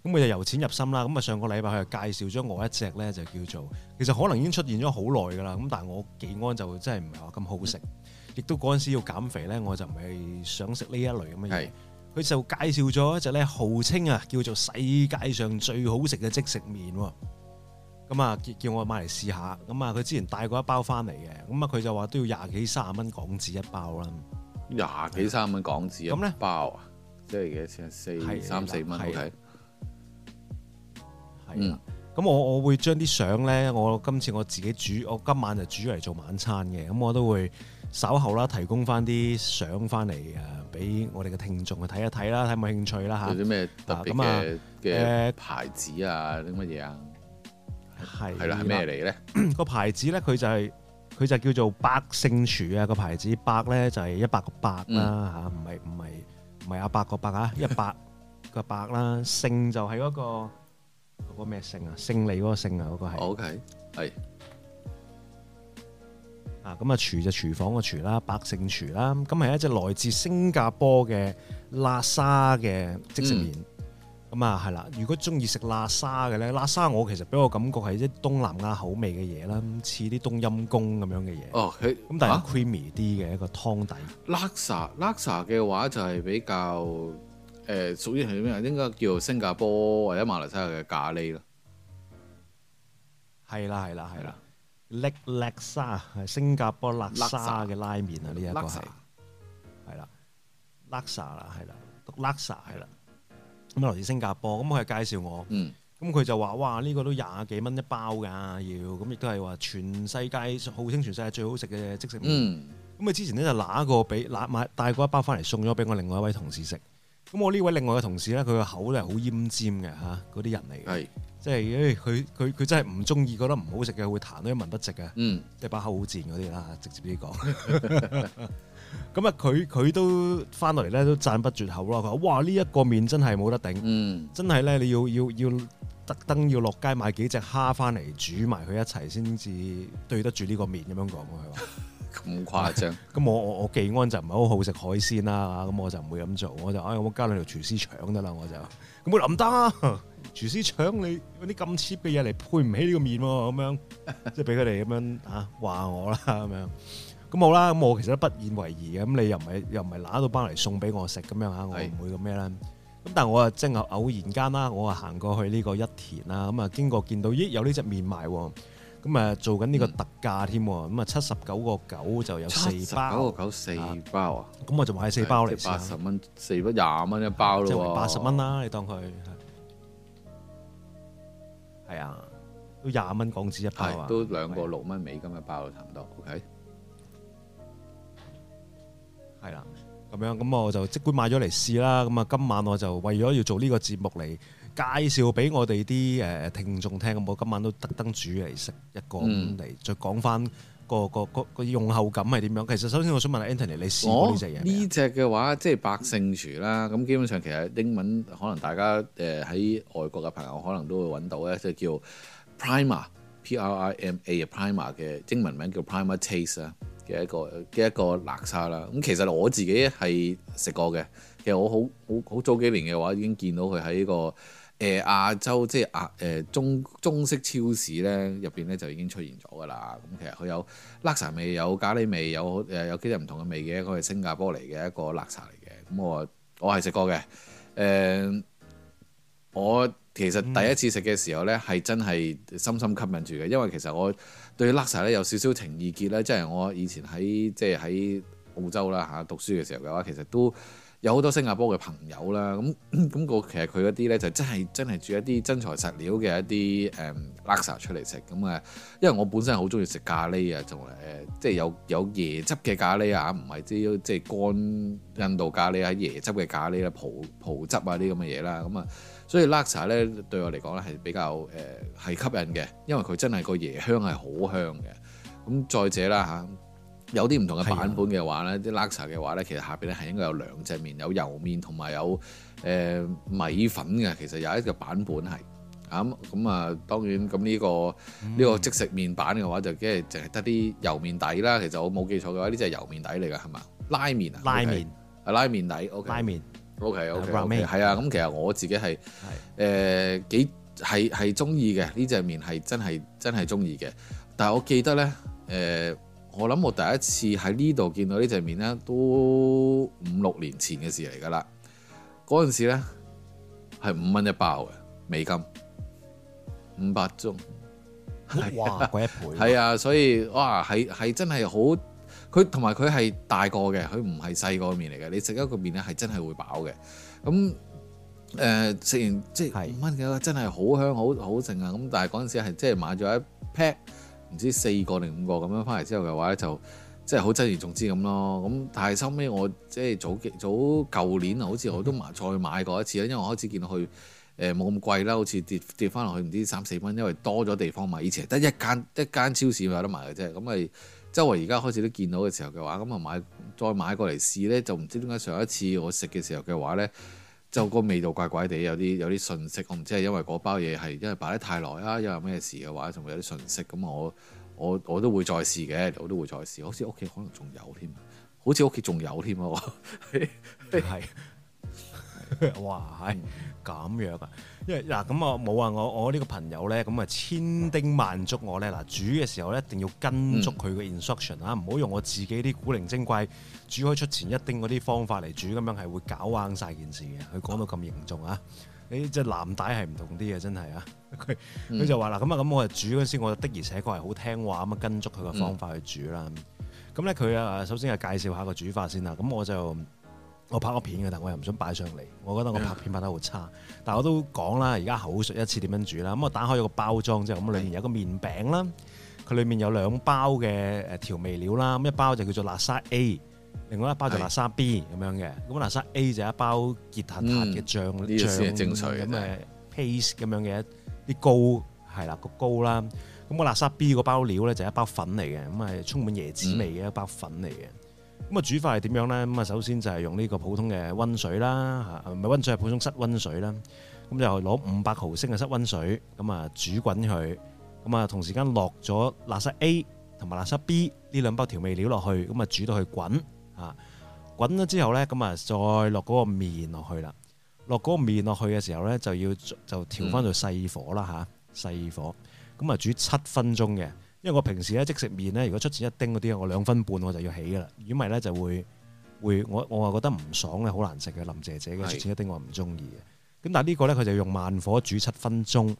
咁佢就由淺入深啦，咁啊上個禮拜佢就介紹咗我一隻咧就叫做，其實可能已經出現咗好耐噶啦，咁但係我技安就真係唔係話咁好食，亦都嗰陣時要減肥咧，我就唔係想食呢一類咁嘅嘢，佢是就介紹咗一隻咧號稱啊叫做世界上最好食嘅即食麵。咁啊，叫叫我買嚟試下。咁啊，佢之前帶過一包翻嚟嘅。咁啊，佢就話都要廿幾三十蚊港紙一包啦。廿幾三十蚊港紙一包啊，即係幾多錢？四三四蚊，O K。係啦。咁我我會將啲相咧，我今次我自己煮，我今晚就煮嚟做晚餐嘅。咁我都會稍後啦，提供翻啲相翻嚟誒，俾我哋嘅聽眾去睇一睇啦，睇有冇興趣啦吓。有啲咩特別嘅嘅牌子啊，啲乜嘢啊？係係啦，係咩嚟咧？個 牌子咧，佢就係、是、佢就叫做百勝廚啊個牌子，百咧就係一百個百啦吓，唔係唔係唔係阿伯個伯啊，一百個百啦。勝就係嗰個嗰個咩勝啊，勝利嗰個勝啊，嗰 個係。OK，係、那個。那個、啊，咁啊，廚、那個 okay. 是啊、就廚房個廚啦，百勝廚啦，咁係一隻來自新加坡嘅喇沙嘅即食麵、嗯。咁啊，係啦！如果中意食拉沙嘅咧，拉沙我其實俾我感覺係啲東南亞口味嘅嘢啦，似啲冬陰功咁樣嘅嘢。哦，咁但係 creamy 啲嘅一個湯底。Laksa，Laksa 嘅話就係比較誒屬於係咩啊？應該叫做新加坡或者馬來西亞嘅咖喱咯。係啦，係啦，係啦，叻叻沙係新加坡拉沙嘅拉麵啊！呢一個係，係啦，Laksa 啦，係啦，讀 Laksa 係啦。咁啊，嚟自新加坡，咁佢係介紹我，咁佢、嗯、就話：哇，呢、呢個都廿幾蚊一包㗎，要咁亦都係話全世界，號稱全世界最好食嘅即食麪。咁佢、嗯、之前咧就拿個俾拿買帶過一包翻嚟送咗俾我另外一位同事食。咁我呢位另外嘅同事咧，佢個口咧好奄尖嘅嚇，嗰啲人嚟嘅，是即係佢佢佢真係唔中意覺得唔好食嘅，會彈到一文不值嘅，即係、嗯、把口好賤嗰啲啦直接啲講。嗯 咁啊，佢佢都翻落嚟咧，都讚不絕口咯。佢話哇，呢、這、一個麵真係冇得頂，嗯，真係咧，你要要要特登要落街買幾隻蝦翻嚟煮埋佢一齊，先至對得住呢個麵咁樣講。佢話咁誇張。咁我我我技安就唔係好好食海鮮啦，咁我就唔會咁做。我就哎，我加兩條廚師腸得啦，我就咁冇諗得。廚師腸，你用啲咁 cheap 嘅嘢嚟配唔起呢個麵喎，咁樣即係俾佢哋咁樣吓話我啦，咁樣。咁好啦，咁我其實不以為意嘅，咁你又唔係又唔係拿到包嚟送俾我食咁樣吓，我唔會咁咩啦。咁是但係我啊，即係偶然間啦，我啊行過去呢個一田啦，咁啊經過見到咦有呢隻麵賣，咁啊做緊呢個特價添，咁啊七十九個九就有四包，七十九個九四包啊。咁啊我就買四包嚟食。八十蚊四包，廿蚊一包咯。即八十蚊啦，你當佢係啊，都廿蚊港紙一包啊，都兩個六蚊美金一包是差唔多，OK。係啦，咁樣咁、嗯、我就即管買咗嚟試啦。咁、嗯、啊，今晚我就為咗要做呢個節目嚟介紹俾我哋啲誒聽眾聽，咁、嗯、我今晚都特登煮嚟食一個咁嚟，嗯、再講翻、個個、個個、個用後感係點樣。其實首先我想問阿 Anthony，你試過呢隻嘢？呢隻嘅話即係百勝廚啦。咁基本上其實英文可能大家誒喺、呃、外國嘅朋友可能都會揾到咧，就係、叫 Prima，P-R-I-M-A Prima 嘅英文名叫 Prima Taste 啊。嘅一個嘅一個叻沙啦，咁其實我自己係食過嘅。其實我好好好早幾年嘅話，已經見到佢喺呢個誒、呃、亞洲，即係亞誒、呃、中中式超市咧入邊咧就已經出現咗噶啦。咁其實佢有叻沙味、有咖喱味、有誒有幾隻唔同嘅味嘅。佢係新加坡嚟嘅一個叻沙嚟嘅。咁、嗯、我我係食過嘅。誒、嗯，我其實第一次食嘅時候咧，係真係深深吸引住嘅，因為其實我對拉沙咧有少少情意結咧，即係我以前喺即係喺澳洲啦嚇讀書嘅時候嘅話，其實都有好多新加坡嘅朋友啦，咁咁、那個其實佢嗰啲咧就真係真係煮一啲真材實料嘅一啲誒、嗯、拉 a 出嚟食，咁啊，因為我本身好中意食咖喱啊，同誒即係有有，有椰汁嘅咖喱啊，唔係啲即係乾印度咖喱啊，椰汁嘅咖喱葡葡啊，葡蒲汁啊啲咁嘅嘢啦，咁啊。所以 Laksa 咧對我嚟講咧係比較誒係吸引嘅，因為佢真係個椰香係好香嘅。咁再者啦嚇，有啲唔同嘅版本嘅話咧，啲 Laksa 嘅話咧，其實下邊咧係應該有兩隻麵，有油麵同埋有誒米粉嘅。其實有一個版本係咁咁啊，當然咁呢個呢個即食麵版嘅話就即係淨係得啲油麵底啦。其實我冇記錯嘅話，呢隻係油麵底嚟噶係嘛？拉麵啊，拉麵啊 Okay. 拉麵底，okay. 拉麵。OK，OK，OK，係啊，咁其實我自己係誒是、呃、幾係係中意嘅呢隻麵係真係真係中意嘅。但係我記得咧，誒、呃、我諗我第一次喺呢度見到呢隻麵咧，都五六年前嘅事嚟㗎啦。嗰陣時咧係五蚊一包嘅美金五百宗，哇貴一倍，啊。係啊，所以哇係係真係好。佢同埋佢係大個嘅，佢唔係細個面嚟嘅。你食一個麵咧，係真係會飽嘅。咁誒食完即係五蚊嘅，是真係好香好好食啊！咁但係嗰陣時係即係買咗一 pack 唔知四個定五個咁樣,樣，翻嚟之後嘅話就即係好珍而重之咁咯。咁但係收尾我即係早幾早舊年啊，好似我都買、嗯、再買過一次啦。因為我開始見到佢誒冇咁貴啦，好似跌跌翻落去唔知三四蚊，因為多咗地方買，以前得一間一間超市有得買嘅啫。咁咪、就是。周圍而家開始都見到嘅時候嘅話，咁啊買再買過嚟試呢？就唔知點解上一次我食嘅時候嘅話呢，就個味道怪怪地，有啲有啲信息，我唔知係因為嗰包嘢係因為擺得太耐啊，因為咩事嘅話，仲會有啲信息。咁我我我都會再試嘅，我都會再試。好似屋企可能仲有添，好似屋企仲有添啊，係。 哇，咁、嗯、樣啊！因為嗱咁啊冇啊，我我呢個朋友咧咁啊千叮萬囑我咧嗱煮嘅時候咧一定要跟足佢嘅 instruction 啊，唔好、嗯、用我自己啲古靈精怪煮開出前一丁嗰啲方法嚟煮，咁樣係會搞歪晒件事嘅。佢講到咁嚴重啊！你、欸、即係藍帶係唔同啲嘅，真係啊！佢佢、嗯、就話嗱咁啊咁，我煮嗰時我的而且確係好聽話咁啊跟足佢嘅方法去煮啦。咁咧佢啊首先係介紹下個煮法先啦。咁我就。我拍過片嘅，但我又唔想擺上嚟。我覺得我拍片拍得好差，但係我都講啦。而家口述一次點樣煮啦。咁、嗯、我打開咗個包裝啫，咁裏面有個麵餅啦。佢裏面有兩包嘅誒調味料啦。咁一包就叫做辣沙 A，另外一包就辣沙 B 咁是樣嘅。咁辣沙 A 就一包傑撻撻嘅醬、嗯、醬咁嘅 paste 咁樣嘅啲膏係啦個膏啦。咁個辣沙 B 個包料咧就一包粉嚟嘅，咁係充滿椰子味嘅一包粉嚟嘅。嗯咁啊，煮法係點樣呢？咁啊，首先就係用呢個普通嘅溫水啦，唔係溫水係普通室溫水啦。咁就攞五百毫升嘅室溫水，咁啊，煮滾佢。咁啊，同時間落咗叻沙 A 同埋叻沙 B 呢兩包調味料落去，咁啊，煮到去滾啊。滾咗之後呢，咁啊，再落嗰個麵落去啦。落嗰個麵落去嘅時候呢，就要就調翻到細火啦，吓，細火。咁啊、嗯、煮七分鐘嘅。因為我平時咧即食麵咧，如果出前一丁嗰啲啊，我兩分半我就要起噶啦，如果唔係咧就會會我我話覺得唔爽咧，好難食嘅。林姐姐嘅出前一丁我唔中意嘅。咁是但係呢個咧佢就用慢火煮七分鐘，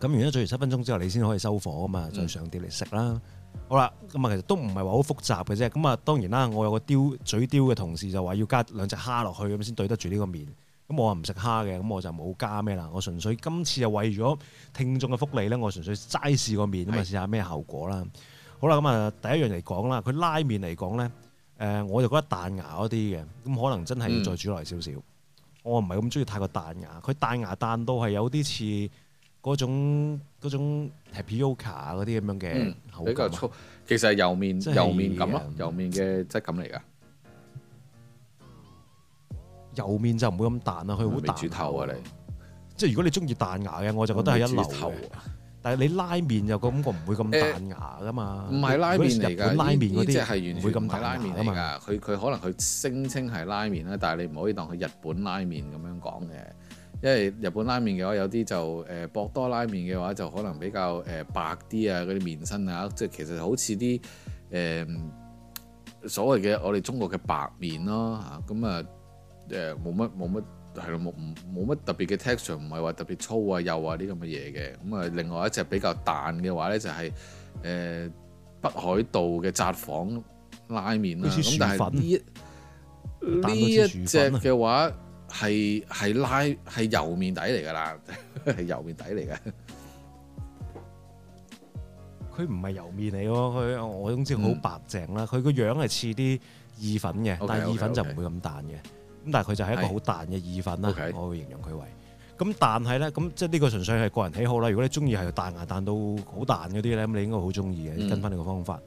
咁完咗煮完七分鐘之後，你先可以收火啊嘛，再上碟嚟食啦。嗯、好啦，咁啊其實都唔係話好複雜嘅啫。咁啊當然啦，我有個雕嘴雕嘅同事就話要加兩隻蝦落去咁先對得住呢個麵。咁我啊唔食蝦嘅，咁我就冇加咩啦。我純粹今次就為咗聽眾嘅福利咧，我純粹齋試個麵咁啊，是試下咩效果啦。好啦，咁啊第一樣嚟講啦，佢拉麵嚟講咧，誒、呃、我就覺得彈牙嗰啲嘅，咁可能真係要再煮耐少少。嗯、我唔係咁中意太過彈牙，佢彈牙彈到係有啲似嗰種嗰種 tapioca 嗰啲咁樣嘅、嗯，比較粗。其實係油麵，即係、就是、油麵咁咯，油麵嘅質感嚟噶。油麵就唔會咁彈啊，佢好彈。煮透啊，你即係如果你中意彈牙嘅，我就覺得係一流嘅。頭啊、但係你拉麵就感覺唔會咁彈牙噶嘛。唔係、欸、拉麵嚟㗎，拉麵啲即係完全唔會咁彈牙嘛。佢佢可能佢聲稱係拉麵啦，但係你唔可以當佢日本拉麵咁樣講嘅。因為日本拉麵嘅話，有啲就誒博多拉麵嘅話，就可能比較誒白啲啊，嗰啲麵身啊，即係其實好似啲誒所謂嘅我哋中國嘅白麵咯嚇咁啊。誒冇乜冇乜係咯，冇冇乜特別嘅 texture，唔係話特別粗啊幼啊啲咁嘅嘢嘅。咁啊，另外一隻比較彈嘅話咧、就係，就係誒北海道嘅札幌拉麵啦。咁但係呢呢一隻嘅話係係拉係油麵底嚟㗎啦，係 油麵底嚟嘅。佢唔係油麵嚟喎，佢我總之好白淨啦。佢個、嗯、樣係似啲意粉嘅，okay, okay, 但係意粉就唔會咁彈嘅。咁但係佢就係一個好彈嘅意粉啦，是我會形容佢為。咁 Okay. 但係咧，咁即係呢個純粹係個人喜好啦。如果你中意係彈啊彈到好彈嗰啲咧，咁你應該好中意嘅。嗯、跟翻呢個方法。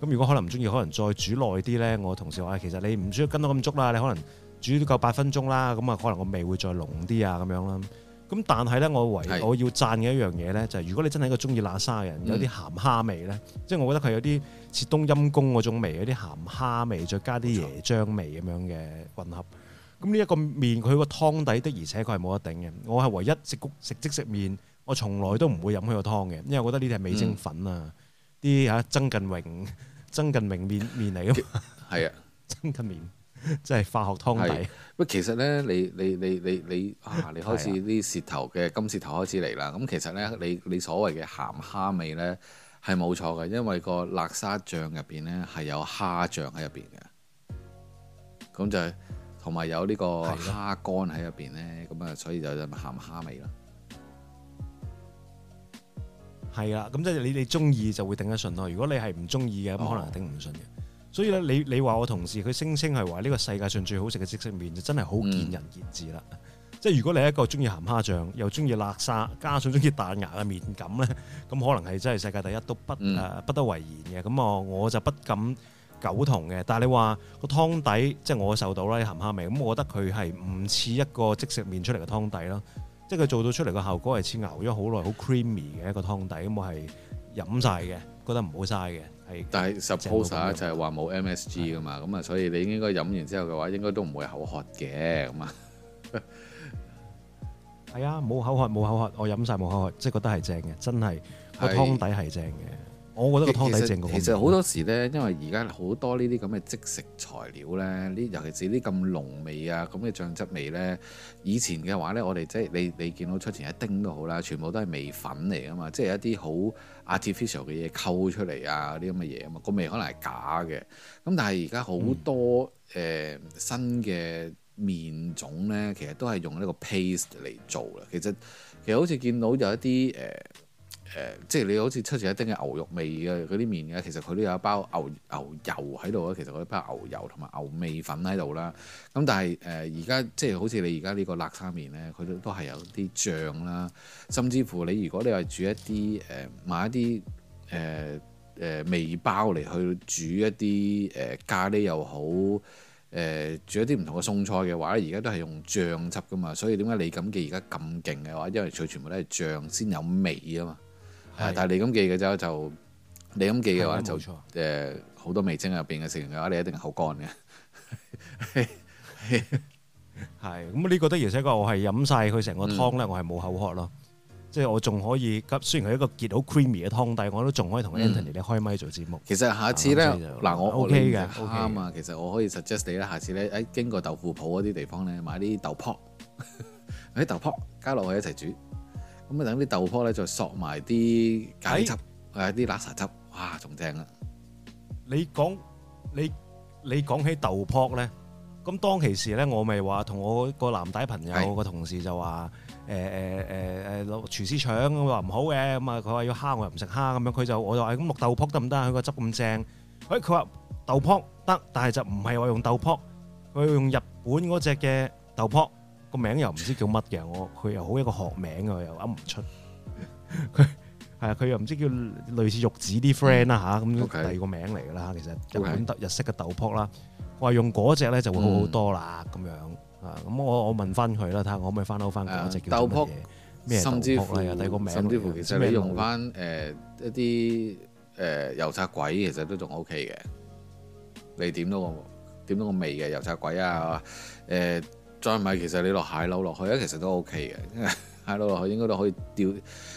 咁如果可能唔中意，可能再煮耐啲咧。我同事話其實你唔需要跟到咁足啦，你可能煮都夠八分鐘啦，咁啊可能個味會再濃啲啊咁樣啦。咁但係咧，我唯是我要讚嘅一樣嘢咧，就係、是、如果你真係一個中意喇沙嘅人，有啲鹹蝦味咧，嗯、即係我覺得佢有啲似冬陰公嗰種味，有啲鹹蝦味，再加啲椰漿味咁樣嘅混合。咁呢一個麵佢個湯底的而且確係冇得頂嘅。我係唯一食食即食麵，我從來都唔會飲佢個湯嘅，因為我覺得呢啲係味精粉、嗯、啊，啲啊曾近榮曾近榮麵麵嚟嘅，係啊實 曾近榮，即係化學湯底。不過其實呢，你你你你你啊，你開始啲舌是、啊、頭嘅金舌頭開始嚟啦。咁其實呢，你你所謂嘅鹹蝦味呢，係冇錯嘅，因為個辣沙醬入邊呢，係有蝦醬喺入邊嘅。咁就是。同埋有呢個蝦乾喺入邊呢，咁啊的，所以就有鹹蝦味啦。係啦，咁即係你你中意就會頂得順咯。如果你係唔中意嘅，咁可能頂唔順嘅。哦、所以咧，你你話我同事佢聲稱係話呢個世界上最好食嘅即食麵，就真係好見仁見智啦。嗯、即係如果你係一個中意鹹蝦醬，又中意叻沙，加上中意彈牙嘅麵感呢，咁可能係真係世界第一都不、嗯 uh，不得為然嘅。咁我我就不敢。九同嘅，但係你話個湯底即係我受到啦，鹹蝦味咁，我覺得佢係唔似一個即食麵出嚟嘅湯底啦。即係佢做到出嚟個效果係似熬咗好耐、好 creamy 嘅一個湯底，咁我係飲晒嘅，覺得唔好嘥嘅係。但係是 supposer 就係話冇 MSG 噶嘛，咁啊的，所以你應該飲完之後嘅話，應該都唔會口渴嘅咁啊。係啊的，冇、 哎、口渴，冇口渴，我飲晒冇口渴，即係覺得係正嘅，真係個湯底係正嘅。我覺得個湯底正過。其實好多時咧，因為而家好多呢啲咁嘅即食材料咧，呢尤其是啲咁濃味啊、咁嘅醬汁味咧，以前嘅話咧，我哋即係你你見到出前一丁都好啦，全部都係味粉嚟㗎嘛，即係一啲好 artificial 嘅嘢溝出嚟啊啲咁嘅嘢啊嘛，個味可能係假嘅。咁但係而家好多誒新嘅麵種咧，其實都係用呢個 paste 嚟做啦。其實其實好似見到有一啲誒。呃誒，即係你好似出住一丁嘅牛肉味嘅嗰啲麵嘅，其實佢都有一包牛牛油喺度啊。其實嗰包牛油同埋牛味粉喺度啦。咁但係誒，而、呃、家即係好似你而家呢個辣沙麵咧，佢都都係有啲醬啦，甚至乎你如果你係煮一啲誒買一啲誒誒味包嚟去煮一啲誒、呃、咖喱又好誒、呃、煮一啲唔同嘅餸菜嘅話咧，而家都係用醬汁噶嘛。所以點解李錦記而家咁勁嘅話，因為佢全部都係醬先有味啊嘛。係，但係你咁記嘅就，你咁記嘅話就，誒好多味精入邊嘅食嘅話，你一定口乾嘅。係，係。係，咁啊呢個得而且確，我係飲晒佢成個湯咧，我係冇口渴咯。即係我仲可以，雖然係一個結好 creamy 嘅湯底，我都仲可以同 Anthony 咧開咪做節目。其實下一次咧，嗱我 OK 嘅，啱啊。其實我可以 suggest 你咧，下次咧喺經過豆腐鋪嗰啲地方咧，買啲豆泡，誒豆泡加落去一齊煮。咁啊！等啲豆撲咧，再索埋啲芥汁，係啲垃圾汁，哇，仲正啊！你講你你講起豆撲咧，咁當其時咧，我咪話同我個男仔朋友個同事就話，誒誒誒誒，攞廚師腸，我話唔好嘅，咁啊，佢話要蝦，我又唔食蝦，咁樣佢就我就話咁落豆撲得唔得啊？佢個汁咁正，誒，佢話豆撲得，但係就唔係話用豆撲，佢用日本嗰隻嘅豆撲。個名又唔知叫乜嘅，我佢又好一個學名啊，又噏唔出。佢係啊，佢又唔知叫類似玉子啲 friend 啦吓，咁、嗯啊、第二個名嚟噶啦。Okay, 其實日本日式嘅豆卜啦，我話 okay, 用嗰隻咧就會好好多啦咁、嗯、樣啊。咁我我問翻佢啦，睇下我可唔可以翻到翻嗰隻叫豆卜？咩豆卜啊？又睇個名。甚至乎其實你用翻誒一啲誒油炸鬼，其實都仲 O K 嘅。你點到我？點到個味嘅油炸鬼啊？誒。再唔係其實你落蟹柳落去咧，其實都 OK 嘅。蟹柳落去應該都可以吊，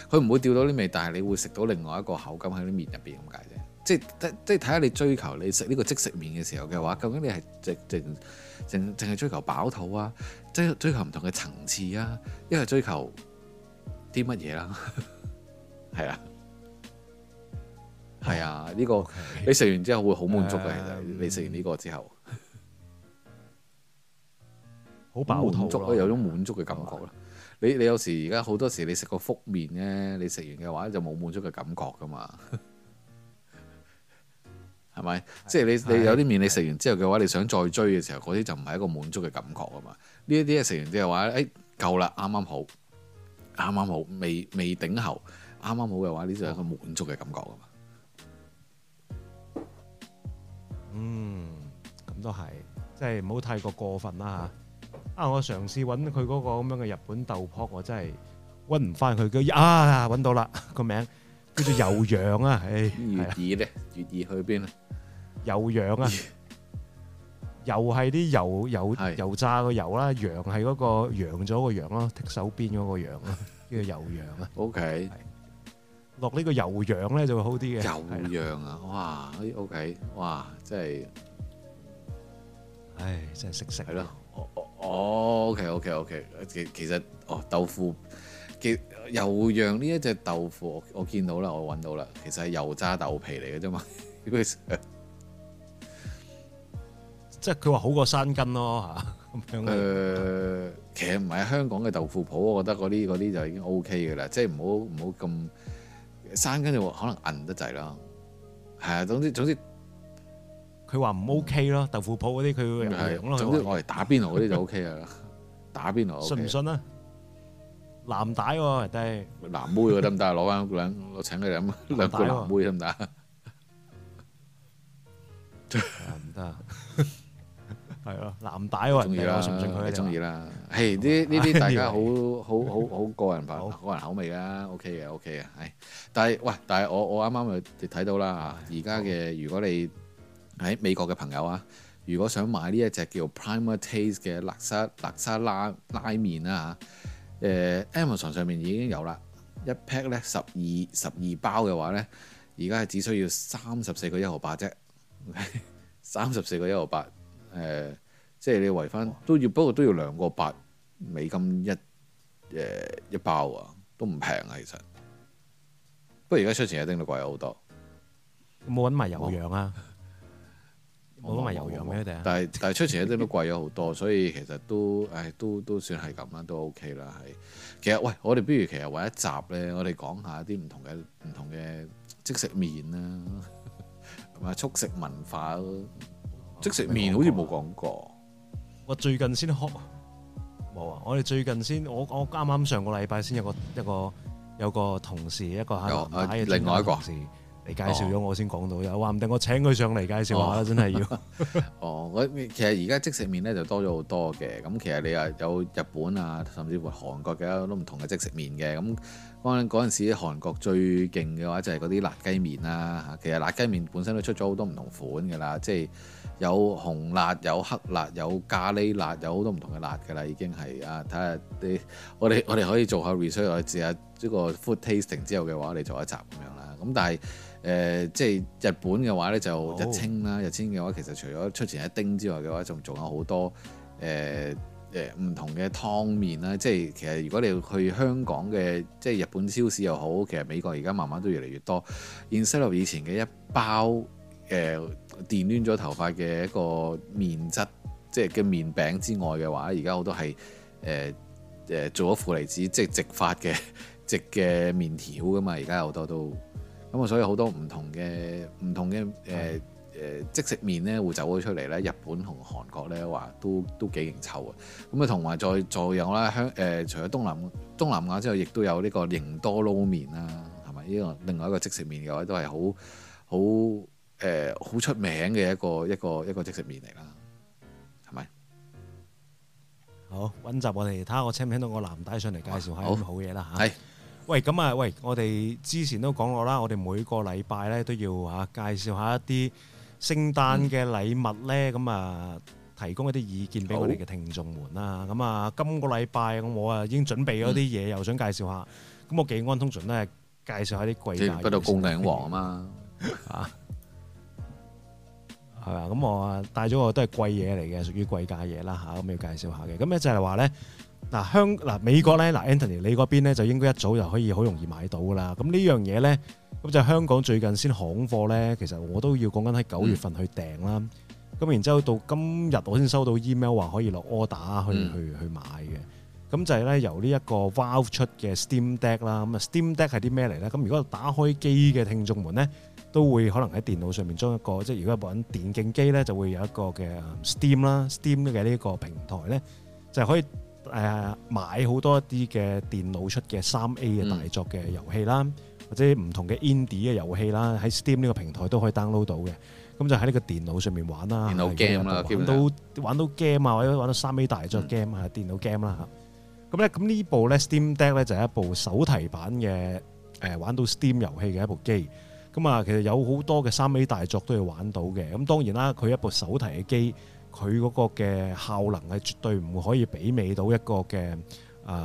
佢唔會吊到啲味，但係你會食到另外一個口感喺啲麵入邊咁解啫。即係即係睇下你追求你食呢個即食麵嘅時候嘅話，究竟你係淨淨淨係追求飽肚啊？即係追求唔同嘅層次啊？一係追求啲乜嘢啦？係 啊，係哇啊，呢、這個 okay. 你食完之後會好滿足嘅。Uh, 其實你食完呢個之後。好飽滿足有種滿足嘅感覺咯。係咪你你有時而家好多時你食個福麵咧，你食完嘅話就冇滿足嘅感覺噶嘛。係 咪？即係你你有啲麵你食完之後嘅話，你想再追嘅時候，嗰啲就唔係一個滿足嘅感覺啊嘛。呢一啲嘢食完之後話，哎夠啦，啱啱好，啱啱好，未未頂喉，啱啱好嘅話，呢就係一個滿足嘅感覺啊嘛。嗯，咁都係，即係唔好太過過分啦嚇。啊！我嘗試揾佢嗰個咁樣嘅日本豆粕，我真係揾唔返佢。佢啊揾到啦個名，叫做油羊啊！唉，二咧，月二去邊咧？油羊啊，又係啲油油係油炸個油啦，羊係嗰個羊咗個羊咯，剔手邊嗰個羊啊，叫做油羊啊。O K，落呢個油羊咧就會好啲嘅。油羊啊！哇，哎，O K，哇，真係，唉，真係識食係咯～哦，OK，OK，OK，其其實，哦，豆腐嘅油揚呢一隻豆腐，我我見到啦，我揾到啦，其實係油炸豆皮嚟嘅啫嘛，即係佢話好過山根咯嚇咁 這樣、呃、其實唔係香港嘅豆腐鋪，我覺得嗰啲嗰啲就已經 OK 嘅啦，即係唔好唔好咁山根就可能韌得滯啦，係啊，總之總之。佢話唔 OK 咯，豆腐鋪嗰啲佢又唔同咯。總之我係打邊爐嗰啲就 OK 啊，打邊爐。信唔信啊？藍帶喎，人哋藍妹喎得唔得啊？攞翻個兩，我請你哋飲兩杯藍妹得唔得啊？唔得，係咯，藍帶我中意啦，信唔信佢哋中意啦？係啲呢啲大家好好好好個人化、個人口味嘅 OK 嘅 OK 嘅，係。但係喂，但係我我啱啱又睇到啦嚇，而家嘅如果你喺、哎、美國嘅朋友啊，如果想買呢一隻叫 Primer Taste 嘅叻沙叻沙拉拉麵啦、啊、嚇，誒、啊、Amazon 上面已經有啦，一 pack 咧十二十二包嘅話咧，而家係只需要三十四個一毫八啫，三十四個一毫八，誒即係你圍返都要不過都要兩個八美金一誒一包啊，都唔平啊其實，不過而家出前一丁都貴好多，冇揾埋油樣啊、哦。我都賣牛羊嘅，但係但係出前一啲都貴咗好多， 所以其實都誒都都算係咁樣啦，都 OK 啦。係其實喂，我哋不如其實為一集咧，我哋講下啲唔同嘅唔同嘅即食麵啦，同埋速食文化。 即食麵好似冇講過，我最近先學冇啊！我哋最近先，我我啱啱上個禮拜先有個一個，一個有一個同事，一個喺另外一個。介紹咗我先講到，有話唔定我請佢上嚟介紹下啦。哦、真係的要 哦。我其實而家即食麵咧就多咗好多嘅，咁其實你啊有日本啊，甚至乎韓國嘅都唔同嘅即食麵嘅。咁嗰陣時，韓國最勁嘅話就係嗰啲辣雞麵啦吓。其實辣雞麵本身都出咗好多唔同款嘅啦，即係有紅辣、有黑辣、有咖喱辣、有好多唔同嘅辣嘅啦，已經係啊。睇下啲我哋我哋可以做下 research，我哋試下呢個 food tasting 之後嘅話，我哋做一集咁樣啦。咁但係。誒、呃，即係日本嘅話呢，就日清啦。Oh. 日清嘅話，其實除咗出前一丁之外嘅話，仲仲有好多誒誒唔同嘅湯麵啦。即係其實如果你去香港嘅，即係日本超市又好，其實美國而家慢慢都越嚟越多。Instant 以前嘅一包誒、呃、電燙咗頭髮嘅一個麵質，即係嘅麵餅之外嘅話，而家好多係誒誒做咗負離子，即係直髮嘅直嘅麵條噶嘛。而家好多都。咁啊，所以好多唔同嘅唔同嘅誒誒即食麵咧，會走咗出嚟咧。日本同韓國咧話都都幾勁湊啊！咁啊，同埋再再有啦。香誒、呃，除咗東南東南亞之外，亦都有呢個營多撈麵啦，係咪？呢個另外一個即食麵嘅話都係好好誒好出名嘅一個一個一個即食麵嚟啦，係咪、啊？好，溫習我哋睇下我請唔請到個藍帶上嚟介紹下好，好嘢啦嚇。喂，咁啊，喂，我哋之前都講過啦，我哋每個禮拜咧都要嚇介紹一下一啲聖誕嘅禮物咧，咁啊、嗯，提供一啲意見俾我哋嘅聽眾們啦。咁啊好，今個禮拜咁，我啊已經準備咗啲嘢，嗯、又想介紹下。咁我技安通常都係介紹一下啲貴價，即係嗰度供領王啊嘛， 啊，係啊。咁我啊帶咗個都係貴嘢嚟嘅，屬於貴價嘢啦吓，咁、啊、要介紹下嘅，咁咧就係話咧。嗱，香嗱美國咧，嗱 Anthony，你嗰邊咧就應該一早就可以好容易買到噶啦。咁呢樣嘢咧，咁就香港最近先行貨咧，其實我都要講緊喺九月份去訂啦。咁、嗯、然之後到今日我先收到 email 話可以落 order 去去、嗯、去買嘅。咁就係咧由 Deck, 呢一個 Valve 出嘅 Steam Deck 啦，咁啊 Steam Deck 係啲咩嚟咧？咁如果打開機嘅聽眾們咧，都會可能喺電腦上面裝一個，即係如果一部電競機咧就會有一個嘅 Ste Steam 啦，Steam 嘅呢個平台咧就係可以。誒買好多一啲嘅電腦出嘅三 A 嘅大作嘅遊戲啦，嗯、或者唔同嘅 Indie 嘅遊戲啦，喺 Steam 呢個平台都可以 download 到嘅。咁就喺呢個電腦上面玩啦，電腦 game 啦，玩到玩到 game 啊，或者玩到三 A 大作 game 啊、嗯，電腦 game 啦嚇。咁咧，咁呢部咧 Steam Deck 咧就係、是、一部手提版嘅誒玩到 Steam 遊戲嘅一部機。咁啊，其實有好多嘅三 A 大作都要玩到嘅。咁當然啦，佢一部手提嘅機。佢嗰個嘅效能係絕對唔會可以媲美到一個嘅誒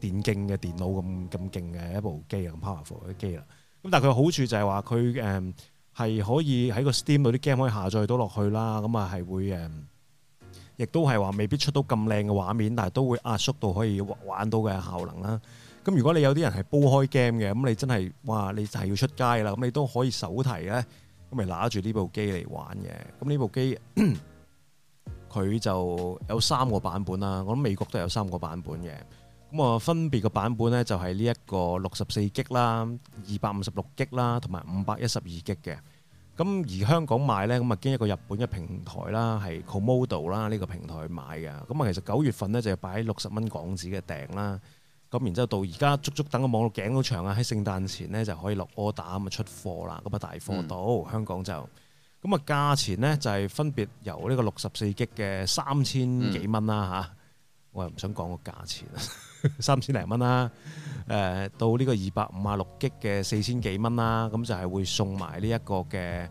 電競嘅電腦咁，咁勁嘅一部機，咁 powerful 嘅機啦。咁但係佢好處就係話佢誒係可以喺個 Steam 度啲 game 可以下載到落去啦。咁啊係會誒，亦都係話未必出到咁靚嘅畫面，但係都會壓縮到可以玩到嘅效能啦。咁如果你有啲人係煲開 game 嘅，咁你真係哇，你係要出街啦。咁你都可以手提咧，咁咪拿住呢部機嚟玩嘅。咁呢部機。佢就有三個版本啦，我諗美國都有三個版本嘅，咁啊分別個版本呢，就係呢一個六十四 G 啦、二百五十六 G 啦，同埋五百一十二 G 嘅。咁而香港買呢，咁啊經一個日本嘅平台啦，係 Komodo 啦呢個平台買嘅。咁啊其實九月份呢，就擺六十蚊港紙嘅訂啦，咁然之後到而家足足等個網絡頸好長啊，喺聖誕前呢，就可以落 order，咁啊出貨啦，咁、那、啊、個、大貨到、嗯、香港就。咁啊，價錢咧就係分別由呢個六十四 G 嘅三千幾蚊啦嚇，我又唔想講個價錢，三千零蚊啦。誒，到呢個二百五啊六 G 嘅四千幾蚊啦，咁就係會送埋呢一個嘅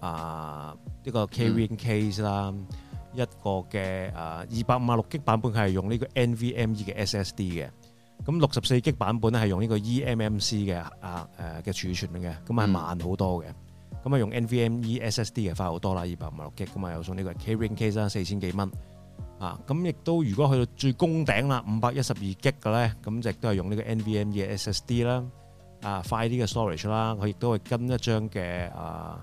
啊，呢個 carrying case 啦，一個嘅啊二百五啊六 G 版本係用呢個 NVMe 嘅 SSD 嘅，咁六十四 G 版本咧係用呢個 eMMC 嘅啊誒嘅儲存嘅，咁係慢好多嘅。咁啊，用 NVMe SSD 嘅快好多啦，二百五十六 G 咁嘛，又送呢個 carrying case 啦，四千幾蚊啊！咁亦都如果去到最公頂啦，五百、嗯啊、一十二 G 嘅咧，咁就亦都係用呢個 NVMe SSD 啦，啊，快啲嘅 storage 啦，佢亦都係跟一張嘅啊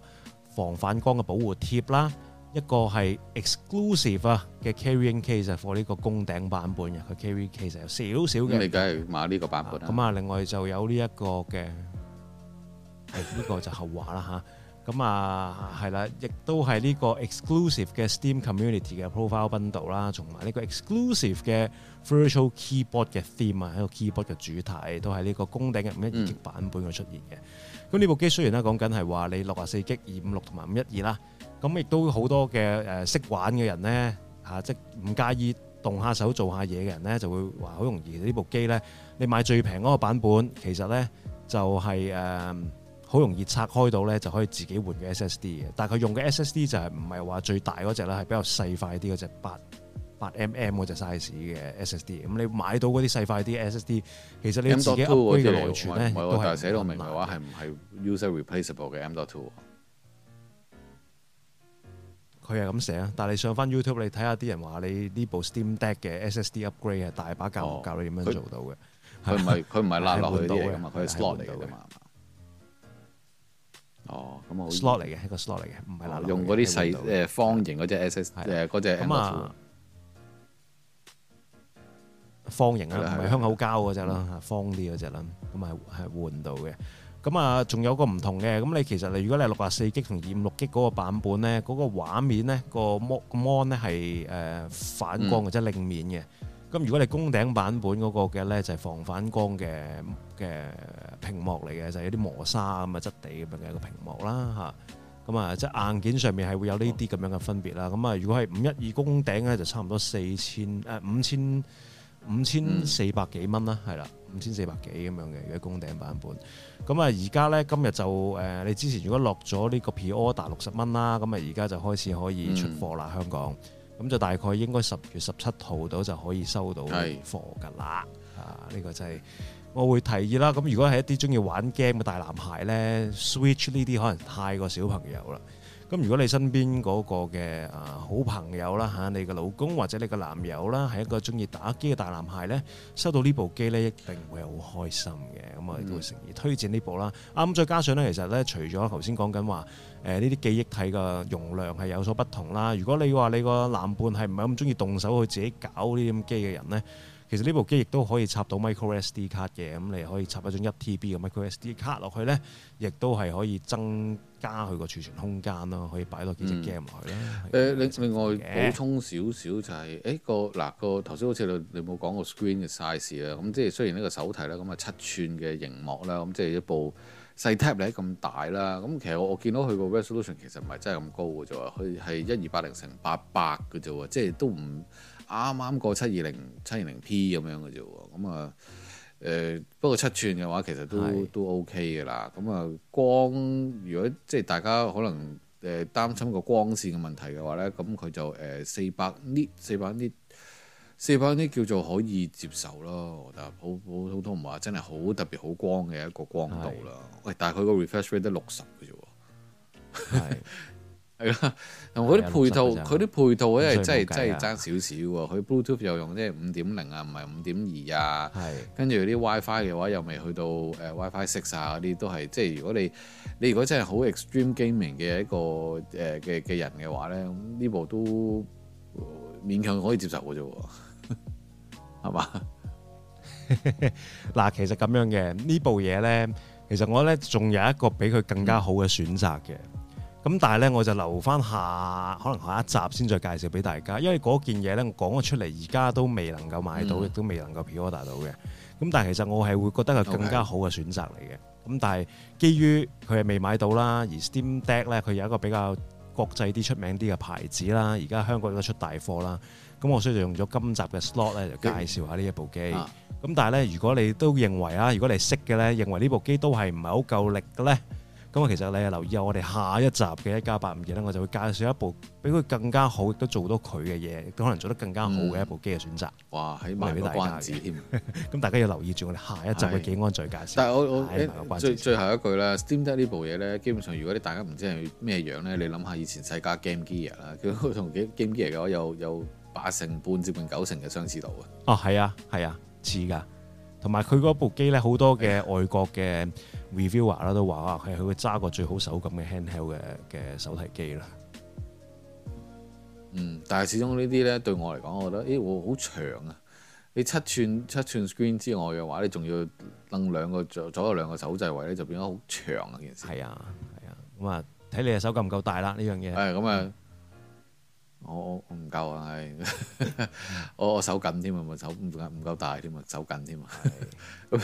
防反光嘅保護貼啦，一個係 exclusive 啊嘅 carrying case for 呢個公頂版本嘅佢 carrying case，有少少嘅，你梗係買呢個版本咁啊，啊，另外就有呢一個嘅，係、哎、呢、呢個就後話啦嚇。啊咁啊，係啦，亦都係呢個 exclusive 嘅 Steam community 嘅 profile bundle 啦，同埋呢個 exclusive 嘅 virtual keyboard 嘅 theme 啊，一個 keyboard 嘅主題都係呢個公頂嘅五一二版本嘅出現嘅。咁呢部機雖然咧，講緊係話你六十四 G、二五六同埋五一二啦，咁亦都好多嘅誒識玩嘅人咧嚇，即係唔介意動下手做下嘢嘅人咧，就會話好容易呢部機咧，你買最平嗰個版本，其實咧就係誒。好容易拆開到咧，就可以自己換嘅 SSD 嘅。但係佢用嘅 SSD 就係唔係話最大嗰隻啦，係比較細塊啲嗰隻八八 mm 嗰隻 size 嘅 SSD、嗯。咁你買到嗰啲細塊啲 SSD，其實你自己 upgrade 內存咩？唔係，但係寫到明嘅話係唔係 user replaceable 嘅 M.2？佢係咁寫啊！但係你上翻 YouTube 你睇下啲人話你呢部 Steam Deck 嘅 SSD upgrade 係大把教教你點樣做到嘅。佢唔係佢唔係拉落去嘅嘛，佢係 slot 嚟嘅嘛。哦，咁 slot 嚟嘅，係 sl 個 slot 嚟嘅，唔係嗱用嗰啲細誒方形嗰隻 SS 隻咁的啊方形啦，唔係香口膠嗰隻啦，的方啲嗰隻啦，咁係係換到嘅。咁、嗯、啊，仲有個唔同嘅，咁你其實你如果你係六十四激同二五六激嗰個版本咧，嗰、嗰個畫面咧、嗰個 mo mon 咧係誒反光或者靚面嘅。咁、嗯、如果你攻頂版本嗰個嘅咧就係、係、防反光嘅嘅。屏幕嚟嘅就係、是、有啲磨砂咁嘅質地咁嘅一個屏幕啦嚇，咁啊即係、嗯就是、硬件上面係會有呢啲咁樣嘅分別、啊啊、啦。咁啊如果係五一二公頂咧就差唔多四千誒五千五千四百幾蚊啦，係啦五千四百幾咁樣嘅嘅公頂版本。咁啊而家咧今日就誒、啊、你之前如果落咗呢個 P.O. 大六十蚊啦，咁啊而家就開始可以出貨啦、嗯、香港，咁就大概應該十月十七號到就可以收到貨㗎啦是啊！呢、這個就係、是、～我會提議啦，咁如果係一啲中意玩 game 嘅大男孩呢 Switch 呢啲可能太過小朋友啦。咁如果你身邊嗰個嘅啊好朋友啦嚇，你嘅老公或者你嘅男友啦，係一個中意打機嘅大男孩呢，收到呢部機呢，一定會好開心嘅。咁我哋都會誠意推薦呢部啦。嗯、啊再加上呢，其實呢，除咗頭先講緊話，誒呢啲記憶體嘅容量係有所不同啦。如果你話你個男伴係唔係咁中意動手去自己搞呢啲咁機嘅人呢。其實呢部機亦都可以插到 micro SD 卡嘅，咁、嗯、你可以插一張一 TB 嘅 micro SD 卡落去咧，亦都係可以增加佢個儲存空間咯，可以擺多幾隻 game 落去啦。誒、嗯，另外補充少少就係、是，誒、欸、個嗱個頭先好似你冇講過 screen 嘅 size 啊、嗯，咁即係雖然呢個手提咧咁啊七寸嘅螢幕啦，咁、嗯、即係一部細 tablet 咁大啦，咁、嗯、其實我我見到佢個 resolution 其實唔係真係咁高嘅咋喎，佢係一二八零乘八百嘅啫喎，即係都唔。啱啱過七二零七二零 P 咁樣嘅啫喎，咁啊誒不過七寸嘅話其實都是都 OK 嘅啦，咁啊光如果即係大家可能誒擔、呃、心個光線嘅問題嘅話咧，咁佢就誒四百 nit 四百 nit 四百 nit 叫做可以接受咯，我覺得好普通，唔係話真係好特別好光嘅一個光度啦。喂是，但係佢個 refresh rate 得六十嘅啫喎。是 係咯，同啲配套，佢啲配套咧係真係真係爭少少喎。佢 Bluetooth 又用即係五點零啊，唔係五點二啊。係，跟住啲 WiFi 嘅話又未去到誒 WiFi Six 啊，嗰啲都係即係如果你你如果真係好 Extreme Gaming 嘅一個誒嘅嘅人嘅話咧，咁呢部都勉強可以接受嘅啫，係嘛 吧？嗱， 其實咁樣嘅呢部嘢咧，其實我咧仲有一個比佢更加好嘅選擇嘅。嗯咁但係咧，我就留翻下，可能下一集先再介紹俾大家。因為嗰件嘢咧，我講咗出嚟，而家都未能夠買到，亦、嗯、都未能夠 pre-order 到嘅。咁但係其實我係會覺得係更加好嘅選擇嚟嘅。咁 Okay. 但係基於佢係未買到啦，而 Steam Deck 咧，佢有一個比較國際啲、出名啲嘅牌子啦。而家香港都出大貨啦。咁我所以就用咗今集嘅 slot 咧，就介紹下呢一部機。咁、嗯啊、但係咧，如果你都認為啊，如果你識嘅咧，認為呢部機都係唔係好夠力嘅咧？咁其實你留意下我哋下一集嘅一加八五二咧，我就會介紹一部比佢更加好，都做到佢嘅嘢，都可能做得更加好嘅一部機嘅選擇。哇！起碼俾大家，咁大家要留意住我哋下一集嘅技安再介紹。但係我我最最後一句咧，Steam Deck 呢部嘢咧，基本上如果啲大家唔知係咩樣咧，你諗下以前世嘉 Game Gear 啦，佢同 Game Gear 嘅話有有八成半至半九成嘅相似度啊。哦，係啊，係啊，似噶，同埋佢嗰部機咧好多嘅外國嘅。reviewer 啦都話啊，係佢會揸個最好手感嘅 handheld 嘅嘅手提機啦。嗯，但係始終呢啲咧對我嚟講，我覺得，咦、欸，我好長啊！你七寸七寸 screen 之外嘅話，你仲要掟兩個左左右兩個手掣位咧，就變咗好長啊！件事，係啊係啊，咁啊睇、嗯、你嘅手感唔夠大啦呢、這個、樣嘢、嗯。誒咁啊！我我唔夠啊，我 我，我手緊添啊，手唔夠唔夠大添啊，手緊添的 啊，咁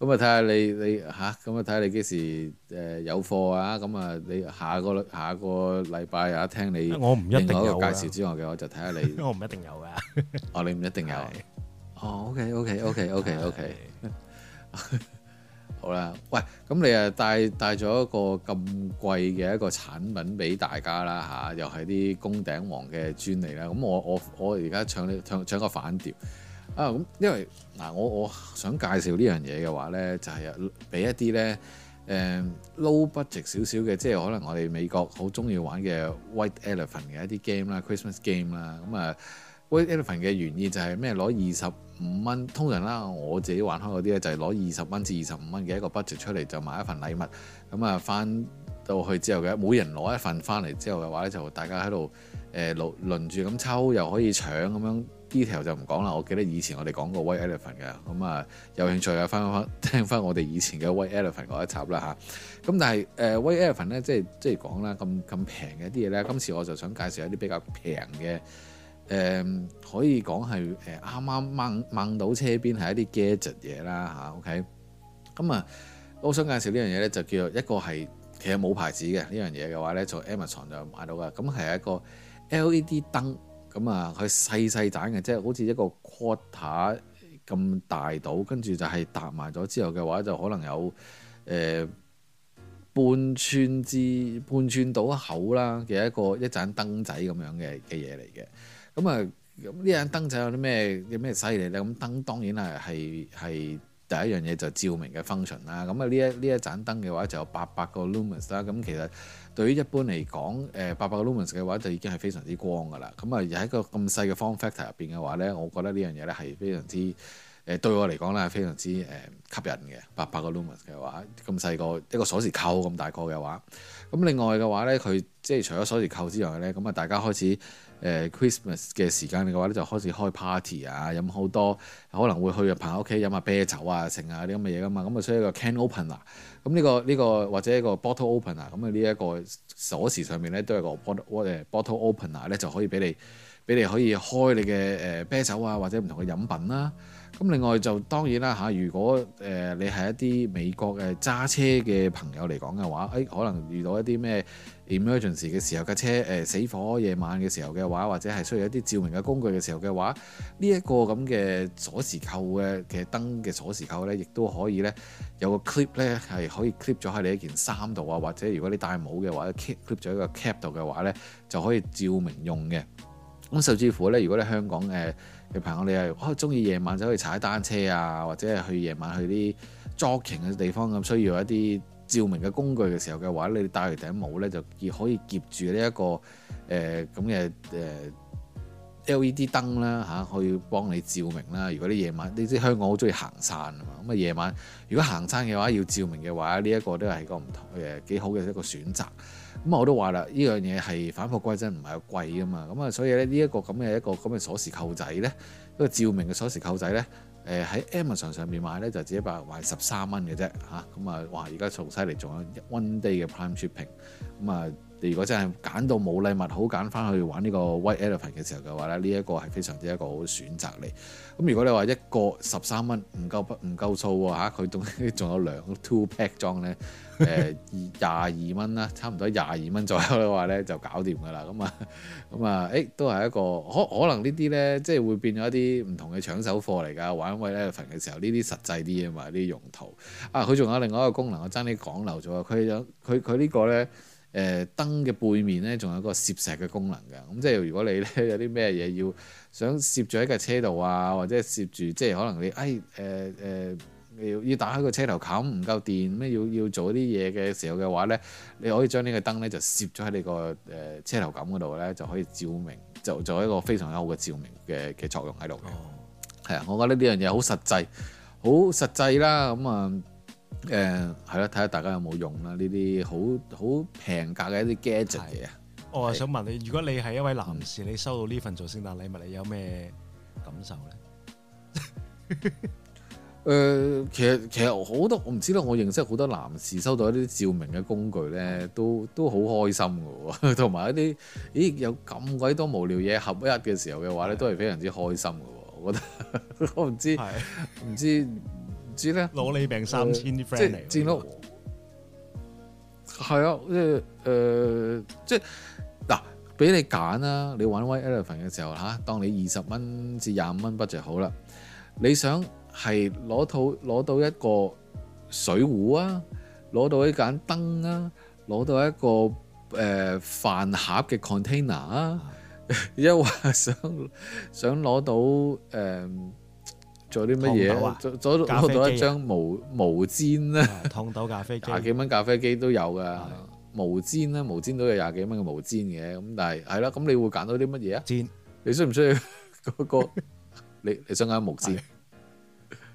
咁啊睇下你你嚇，咁啊睇下你幾時誒有貨啊，咁啊你下個下個禮拜一聽你另外一個介紹之外嘅，我就睇下你。我唔一定有㗎。看看你我你唔一定有。哦，OK OK OK OK OK 的。 好啦，喂，咁你啊帶帶咗一個咁貴嘅一個產品俾大家啦嚇、啊，又係啲宮頂王嘅專利啦。咁我我我而家唱呢唱唱個反調啊！咁因為嗱、啊，我我想介紹呢樣嘢嘅話咧，就係啊俾一啲咧誒 low budget 少少嘅，即係可能我哋美國好中意玩嘅 White Elephant 嘅一啲 game 啦，Christmas game 啦，咁啊。White Elephant 嘅原意就係咩？攞二十五蚊，通常啦，我自己玩開嗰啲咧就係攞二十蚊至二十五蚊嘅一個 budget 出嚟就買一份禮物。咁、嗯、啊，翻到去之後嘅，每人攞一份翻嚟之後嘅話咧，就大家喺度誒輪住咁抽，又可以搶咁樣 detail 就唔講啦。我記得以前我哋講過 White Elephant 嘅，咁、嗯、啊有興趣啊翻翻聽翻我哋以前嘅 White Elephant 嗰一輯啦吓，咁、啊、但係誒、呃、White Elephant 咧即係即係講啦，咁咁平嘅啲嘢咧，今次我就想介紹一啲比較平嘅。誒、嗯、可以講係誒啱啱掹掹到車邊，係一啲 gadget 嘢啦嚇，OK。咁啊，我、okay? 嗯啊、想介紹呢樣嘢咧就叫做一個係其實冇牌子嘅呢樣嘢嘅話咧，在 Amazon 就買到噶。咁、嗯、係、嗯、一個 LED 燈，咁啊佢細細盞嘅即啫，好似一個 quarter 咁大到，跟住就係搭埋咗之後嘅話就可能有誒。呃半寸至半寸到口啦嘅一個一盞燈仔咁樣嘅嘅嘢嚟嘅，咁啊咁呢一盞燈仔有啲咩有咩犀利咧？咁燈當然係係係第一樣嘢就照明嘅 function 啦。咁啊呢一呢一盞燈嘅話就有八百個 lumens 啦。咁其實對於一般嚟講，誒八百個 lumens 嘅話就已經係非常之光噶啦。咁啊又喺個咁細嘅 form factor 入邊嘅話咧，我覺得呢樣嘢咧係非常之。誒對我嚟講咧係非常之誒吸引嘅，八百個 lumens 嘅話，咁細個一個鎖匙扣咁大個嘅話，咁另外嘅話咧，佢即係除咗鎖匙扣之外咧，咁啊大家開始誒、呃、Christmas 嘅時間嘅話咧，就開始開 party 啊，飲好多可能會去朋友屋企飲下啤酒啊、成下啲咁嘅嘢噶嘛，咁啊所以一個 can opener，咁呢、呢個呢、呢個或者一個 bottle opener，咁啊呢一個鎖匙上面咧都係個 bottle、uh, bottle opener 咧就可以俾你俾你可以開你嘅誒啤酒啊或者唔同嘅飲品啦、啊。咁另外就當然啦吓，如果誒你係一啲美國嘅揸車嘅朋友嚟講嘅話，誒可能遇到一啲咩 emergency 嘅時候嘅車誒、呃、死火，夜晚嘅時候嘅話，或者係需要一啲照明嘅工具嘅時候嘅話，呢、這、一個咁嘅鎖匙扣嘅嘅燈嘅鎖匙扣咧，亦都可以咧有個 clip 咧係可以 clip 咗喺你一件衫度啊，或者如果你戴帽嘅話 clip 咗喺個 cap 度嘅話咧，就可以照明用嘅。咁甚至乎咧，如果你香港誒，呃嘅朋友，你係開中意夜晚走去踩單車啊，或者係去夜晚去啲 jogging 嘅地方咁，需要一啲照明嘅工具嘅時候嘅話，你帶嚟頂帽咧就亦可以夾住呢、這、一個誒咁嘅誒 LED 燈啦、啊、可以幫你照明啦。如果你夜晚你知香港好中意行山啊嘛，咁啊夜晚如果行山嘅話要照明嘅話，呢、這個、一個都係一個唔同誒幾、呃、好嘅一個選擇。咁我都話啦，呢樣嘢係反璞歸真，唔係好貴噶嘛。咁啊，所以咧，呢、這、一個咁嘅一個咁嘅鎖匙扣仔咧，一、這個照明嘅鎖匙扣仔咧，誒、呃、喺 Amazon 上面買咧，就只一百賣十三蚊嘅啫嚇。咁啊，哇！而家仲犀利，仲有 One Day 嘅 Prime Shipping。咁啊～你如果真係揀到冇禮物，好揀翻去玩呢個 White Elephant 嘅時候嘅話咧，呢、這、一個係非常之一個好選擇嚟。咁如果你話一個十三蚊唔夠唔夠數喎，佢仲仲有兩 two pack 裝咧，誒廿二蚊啦，差唔多廿二蚊左右嘅話咧就搞掂㗎啦。咁啊咁啊，誒、欸、都係一個可可能呢啲咧，即係會變咗一啲唔同嘅搶手貨嚟㗎。玩 White Elephant 嘅時候，呢啲實際啲啊，呢啲用途啊，佢仲有另外一個功能，我爭啲講漏咗佢佢佢呢個咧。誒、呃、燈嘅背面咧，仲有個攝石嘅功能嘅。咁、嗯、即係如果你咧有啲咩嘢要想攝住喺架車度啊，或者攝住即係可能你誒誒誒要要打開個車頭冚唔夠電咩要要做啲嘢嘅時候嘅話咧，你可以將呢個燈咧就攝咗喺你個誒、呃、車頭冚嗰度咧，就可以照明，就做一個非常好嘅照明嘅嘅作用喺度。哦，係啊，我覺得呢樣嘢好實際，好實際啦，咁、嗯、啊～、嗯誒，係咯、嗯，睇下大家有冇用啦呢啲好好平價嘅一啲 gadget 嘢。我想問你，如果你係一位男士，你收到呢份做聖誕禮物，你有咩感受咧？誒、 呃，其實其實好多我唔知道，我認識好多男士收到一啲照明嘅工具咧，都都好開心噶，同埋一啲咦有咁鬼多無聊嘢合一嘅時候嘅話咧，的都係非常之開心噶。我覺得我唔知唔的知。 知咧，攞你命三千啲 friend 嚟，即係，係吧啊，即係，誒、呃，即係，嗱、啊，俾你揀啊。你玩 White Elephant 嘅時候吓、啊，當你二十蚊至廿五蚊不就好啦？你想係攞套，攞到一個水壺啊，攞到一盞燈啊，攞到一個誒飯盒嘅 container 啊，一為、呃 er 啊啊、想想攞到誒。呃做啲乜嘢？攞到一張毛、啊、毛氈咧、啊哦，痛到咖啡機，廿幾蚊咖啡機都有㗎的、啊，毛氈咧，毛氈都有廿幾蚊嘅毛氈嘅，咁但係係咯，咁你會揀到啲乜嘢啊？氈，你需唔需要嗰個？你你想揀毛氈？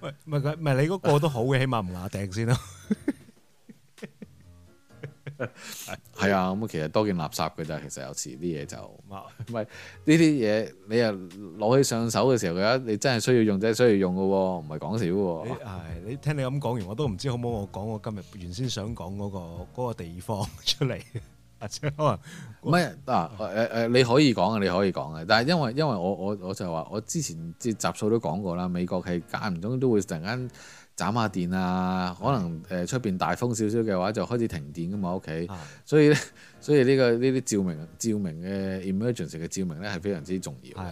喂， 唔係唔係，你嗰個都好嘅，起碼唔話定先啦。 係啊，咁 其實多件垃圾嘅咋。其實有時啲嘢就，唔係呢啲嘢，你啊攞起上手嘅時候，佢一你真係需要用，真係需要用嘅，唔係講笑係你聽你咁講完，我都唔知好唔好。我講我今日原先想講嗰、嗰個、嗰個地方出嚟。唔係嗱，誒誒，你可以講啊，你可以講啊，但係因為因為我我我就話，我之前接係集數都講過啦，美國係揀唔中都會突然間。斬下電啊！可能誒出邊大風少少嘅話，就開始停電㗎嘛，屋企、啊。所以咧、呢個，所以呢個呢啲照明照明嘅 emergency 嘅照明咧，係非常之重要嘅。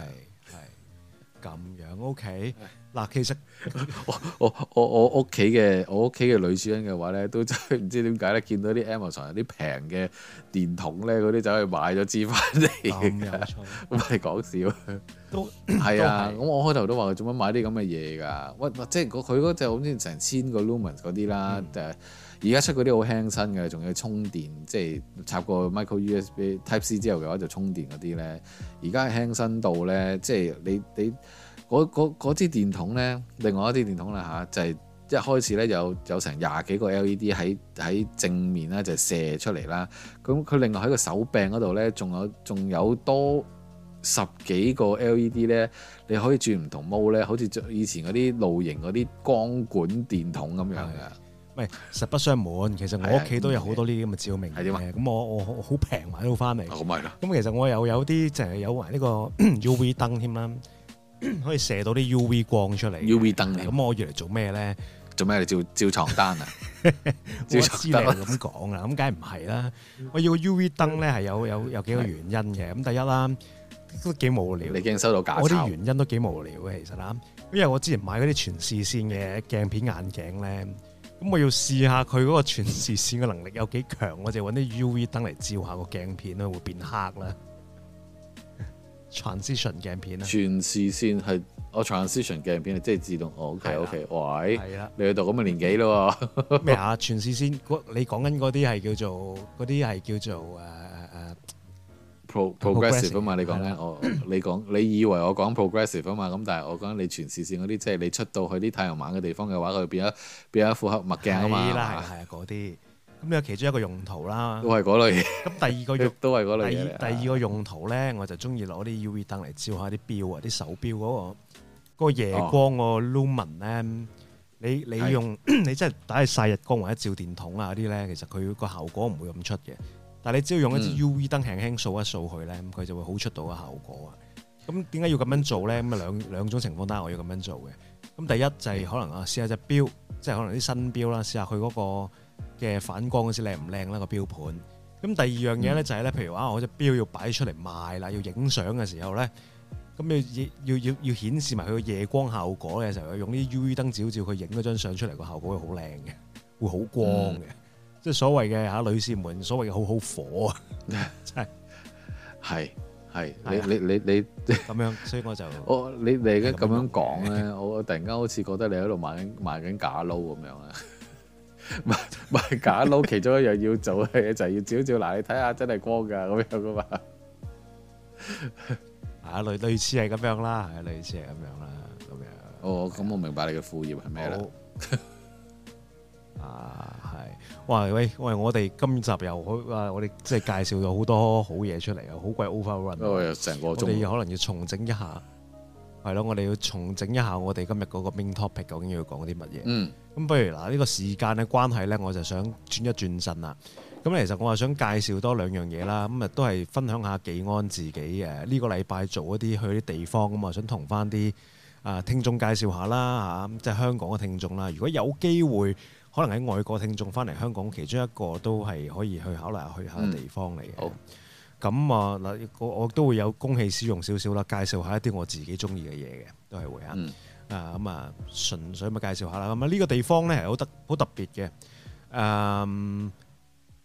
咁樣 OK，嗱是、啊，其實我我我我屋企嘅我屋企嘅女主人嘅話咧，都真係唔知點解咧，見到啲 Amazon 有啲平嘅電筒咧，嗰啲走去買咗支翻嚟，咁又錯，唔係講笑、嗯嗯嗯，都係啊！咁我開頭都話佢做乜買啲咁嘅嘢㗎？喂，即係佢嗰隻好似成千個 lumens 嗰啲啦，誒、嗯。而家出嗰啲好輕身嘅，仲要充電，即係插過 micro USB Type C 之後嘅話就充電嗰啲咧。而家輕身到咧，即係你你嗰支電筒咧，另外一啲電筒啦吓，就係、是、一開始咧有有成廿幾個 LED 喺喺正面啦，就射出嚟啦。咁佢另外喺個手柄嗰度咧，仲有仲有多十幾個 LED 咧，你可以轉唔同模咧，好似以前嗰啲露營嗰啲光管電筒咁樣嘅。唔係，實不相瞞，其實我屋企都有好多呢啲咁嘅照明。咁我我好平買到翻嚟。咁其實我又有啲就係有埋、這、呢個 U V 燈添啦，可以射到啲 U V 光出嚟。U V 燈，咁我以嚟做咩咧？做咩嚟照照床單啊？照床單咁講啊？咁梗係唔係啦？我要個 U V 燈咧，係有有有幾個原因嘅。咁第一啦，都幾無聊。你驚收到假？我啲原因都幾無聊嘅，其實啦。因為我之前買嗰啲全視線嘅鏡片眼鏡咧。咁我要試下佢嗰個全視線嘅能力有幾強，我就揾啲 U V 燈嚟照下個鏡片啦，會變黑啦。Transition 鏡片啊，全視線係我 Transition 鏡片係即係自動，OK OK，喂，係啦、啊， 你去到咁嘅年紀啦喎，咩啊？全視線你講緊嗰啲係叫做嗰啲係叫做誒 progressive 啊嘛，你講咧，我你講，你以為我講 progressive 啊嘛，咁但係我講你全視線嗰啲，即係你出到去啲太陽猛嘅地方嘅話，佢變咗變咗一副黑墨鏡啊嘛，係啊，嗰啲，咁有其中一個用途啦，都係嗰類，咁第二個用都係嗰類。第二個用途咧，我就中意攞啲 U V 燈嚟照下啲錶啊，啲手錶嗰個嗰夜光個 lumen 咧，你你用你真係打曬日光或者照電筒啊啲咧，其實佢個效果唔會咁出嘅。但係你只要用一支 U V 燈輕輕掃一掃佢咧，咁佢就會好出到個效果啊！咁點解要咁樣做咧？咁兩兩種情況底下我要咁樣做嘅。咁第一就係可能，試試可能試試看看啊，試下隻錶，即係可能啲新錶啦，試下佢嗰個嘅反光嗰時靚唔靚啦個錶盤。咁第二樣嘢咧就係咧，嗯、譬如話我隻錶要擺出嚟賣啦，要影相嘅時候咧，咁要要要要顯示埋佢嘅夜光效果嘅時候，用啲 U V 燈照照佢影嗰張相出嚟個效果會好靚嘅，會好光嘅。嗯嗯即係所謂嘅嚇女士們，所謂嘅好好火啊！真係係係你你你你咁樣，所以我就我你你而家咁樣講咧，我突然間好似覺得你喺度賣緊賣緊假撈咁樣啊！賣賣假撈，其中一樣要做嘅嘢就係要照照嗱，你睇下真係光噶咁樣噶嘛，啊類類似係咁樣啦，類似係咁樣啦，咁樣哦，咁我明白你嘅副業係咩咧？啊，係，哇，喂喂，我哋今集又好啊！ 我哋即係介紹咗好多好嘢出嚟啊，好鬼 overrun，成個鐘，我哋可能要重整一下，係咯，我哋要重整一下我哋今日嗰個 main topic 究竟要講啲乜嘢。咁、嗯、不如嗱，呢、這個時間嘅關係呢，我就想轉一轉身啦。咁其實我係想介紹多兩樣嘢啦。咁、嗯、啊，都係分享下技安自己嘅呢、啊呢個禮拜做一啲去啲地方咁、嗯、啊，想同翻啲啊聽眾介紹下啦嚇、啊啊，即係香港嘅聽眾啦、啊。如果有機會。可能喺外國聽眾翻嚟香港，其中一個都係可以去考慮下去下地方嚟嘅。咁啊嗱，我都會有公器私用少少啦，介紹下一啲我自己中意嘅嘢嘅，都係會啊。嗯、啊咁啊，純粹咪介紹下啦。咁啊呢個地方咧係好得好特別嘅。誒、嗯、誒、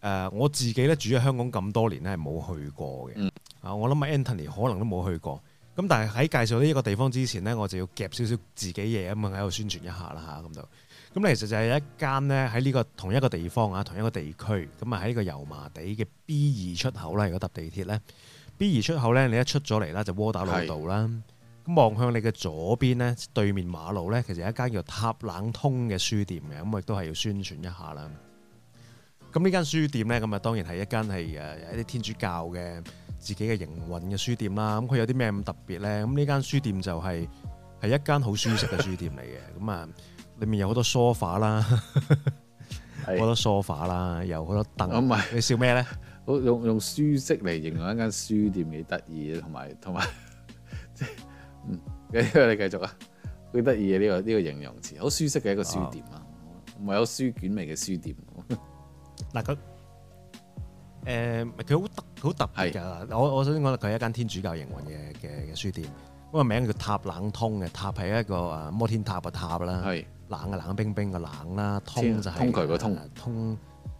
呃，我自己咧住喺香港咁多年咧係冇去過嘅。啊、嗯，我諗阿 Anthony 可能都冇去過。咁但係喺介紹呢一個地方之前咧，我就要夾少少自己嘢咁啊喺度宣傳一下啦嚇咁就。啊咁其實就係一間咧，喺呢個同一個地方啊，同一個地區，咁啊喺呢個油麻地嘅 B 二出口啦。如果搭地鐵咧，B 二出口咧，你一出咗嚟啦，就窩打老道啦。咁望是向你嘅左邊咧，對面馬路咧，其實有一間叫塔冷通嘅書店嘅。咁亦都係要宣傳一下啦。咁呢間書店咧，咁啊當然係一間係誒一啲天主教嘅自己嘅營運嘅書店啦。咁佢有啲咩咁特別咧？咁呢間書店就係、是、係一間好舒適嘅書店嚟嘅。咁啊～裏面有好多 sofa 啦，好 多 sofa 啦，有好多凳。唔係，你笑咩咧？好用用舒適嚟形容一間書店幾得意，同埋同埋，即， 嗯，你繼續啊！幾得意嘅呢個呢、呢個形容詞，好舒適嘅一個書店啊，唔係、哦、有書卷味嘅書店。嗱佢誒，佢好、呃、特好特別嘅啦。我我首先講，佢係一間天主教營運嘅嘅嘅書店。嗰個、哦、名叫塔冷通嘅塔，係一個誒摩天塔嘅塔啦。係。冷啊，冷冰冰嘅冷啦，通就係、是、通渠嘅通，通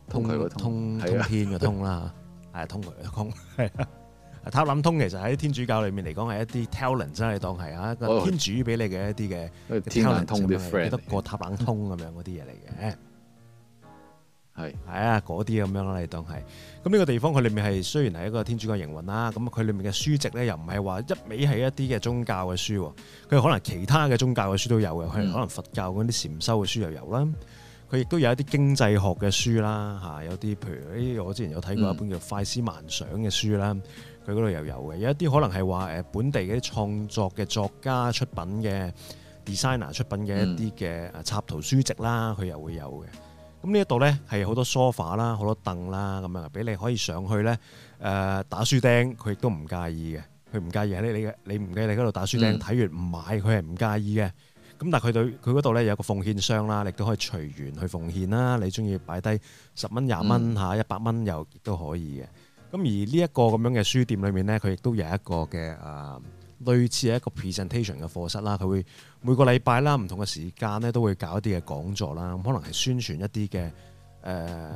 通通通天嘅通啦，係通渠嘅通。係啊， 塔冷通其實喺天主教裏面嚟講係一啲 talent，真係當係啊個天主俾你嘅一啲嘅 talent，通啲 friend，比得過塔冷通咁樣嗰啲嘢嚟嘅。 係，係啊，嗰啲咁樣啦。你當係。咁呢個地方佢裏面係雖然係一個天主教營運啦，咁佢裏面嘅書籍咧又唔係話一味係一啲嘅宗教嘅書，佢可能其他嘅宗教嘅書都有嘅，佢可能佛教嗰啲禪修嘅書又有啦。佢亦都有一啲經濟學嘅書啦，吓，有啲譬如啲我之前有睇過一本叫《快思慢想》嘅書啦，佢嗰度又有嘅。有一啲可能係話誒本地嘅創作嘅作家出品嘅 designer 出品嘅一啲嘅插圖書籍啦，佢又會有嘅。呢一度咧係好多 sofa 啦，好多凳啦，咁樣俾你可以上去咧，誒打書釘，佢亦都唔介意嘅，佢唔介意喺你你你唔計你嗰度打書釘，睇、嗯、完唔買，佢係唔介意嘅。咁但係佢對佢嗰度咧有個奉獻箱啦，亦都可以隨緣去奉獻啦，你中意擺低十蚊、廿蚊嚇、一百蚊又都可以嘅。咁而呢一個咁樣嘅書店裏面咧，佢亦都有一個嘅誒、呃、類似係一個 presentation 嘅課室啦，佢會，每個禮拜啦，唔同嘅時間咧，都會搞一啲嘅講座啦。咁可能係宣傳一啲嘅誒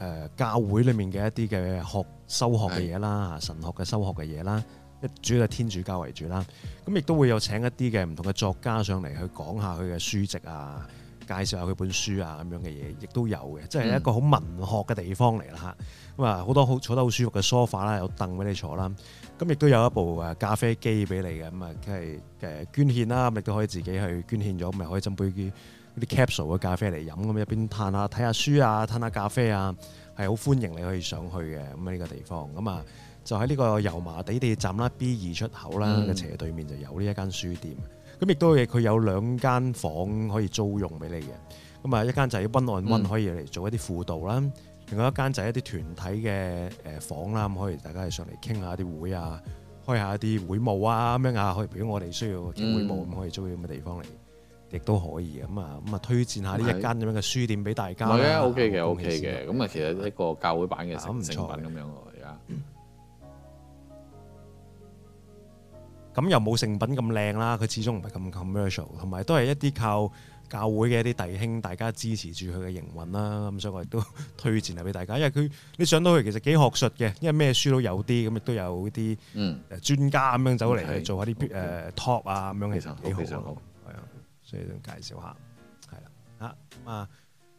誒教會裡面嘅一啲嘅學修學嘅嘢啦，嚇神學嘅修學嘅嘢啦。一主要係天主教為主啦。咁亦都會有請一啲嘅唔同嘅作家上嚟去講下佢嘅書籍啊，介紹下佢本書啊咁樣嘅嘢，亦都有嘅。即係一個好文學嘅地方嚟啦，嚇咁啊好多好坐得好舒服嘅 sofa 啦，有凳俾你坐啦。咁亦都有一部誒咖啡機俾你嘅，咁啊即係誒捐獻啦，咁亦都可以自己去捐獻咗，咪可以斟杯啲 capsule 嘅咖啡嚟飲，咁一邊攤下睇下書啊，攤下咖啡啊，係好歡迎你可以上去嘅，咁啊呢個地方，咁啊就喺呢個油麻地地站啦 B2 出口啦嘅、嗯、斜對面就有呢一間書店，咁亦都嘅佢有兩間房間可以租用俾你嘅，咁啊一間就係 one-on-one 可以嚟做一啲輔導啦。嗯另外一間就係一啲團體嘅誒房啦，咁可以大家係上嚟傾下啲會啊，開下一啲會務啊咁樣啊，嗯、樣可以可以。如果我哋需要啲會務咁，可以租啲咁嘅地方嚟，亦都可以咁啊，咁啊，推薦下呢一間咁樣嘅書店俾大家。係啊，OK 嘅，OK 嘅。咁、okay、啊，其實、okay、一個教會版嘅唔成，對成品咁樣喎，而家。咁在、嗯、又冇成品咁靚啦，佢始終唔係咁 commercial，同埋都係一啲靠。教會嘅一啲弟兄，大家支持住佢嘅營運啦，咁所以我亦都推薦下俾大家，因為佢你上到去其實幾學術嘅，因為咩書都有啲，咁亦都有啲嗯專家咁樣走嚟去做下啲誒 talk 啊咁樣，其實幾好啊，係啊，所以都介紹下，係啦，嚇咁啊，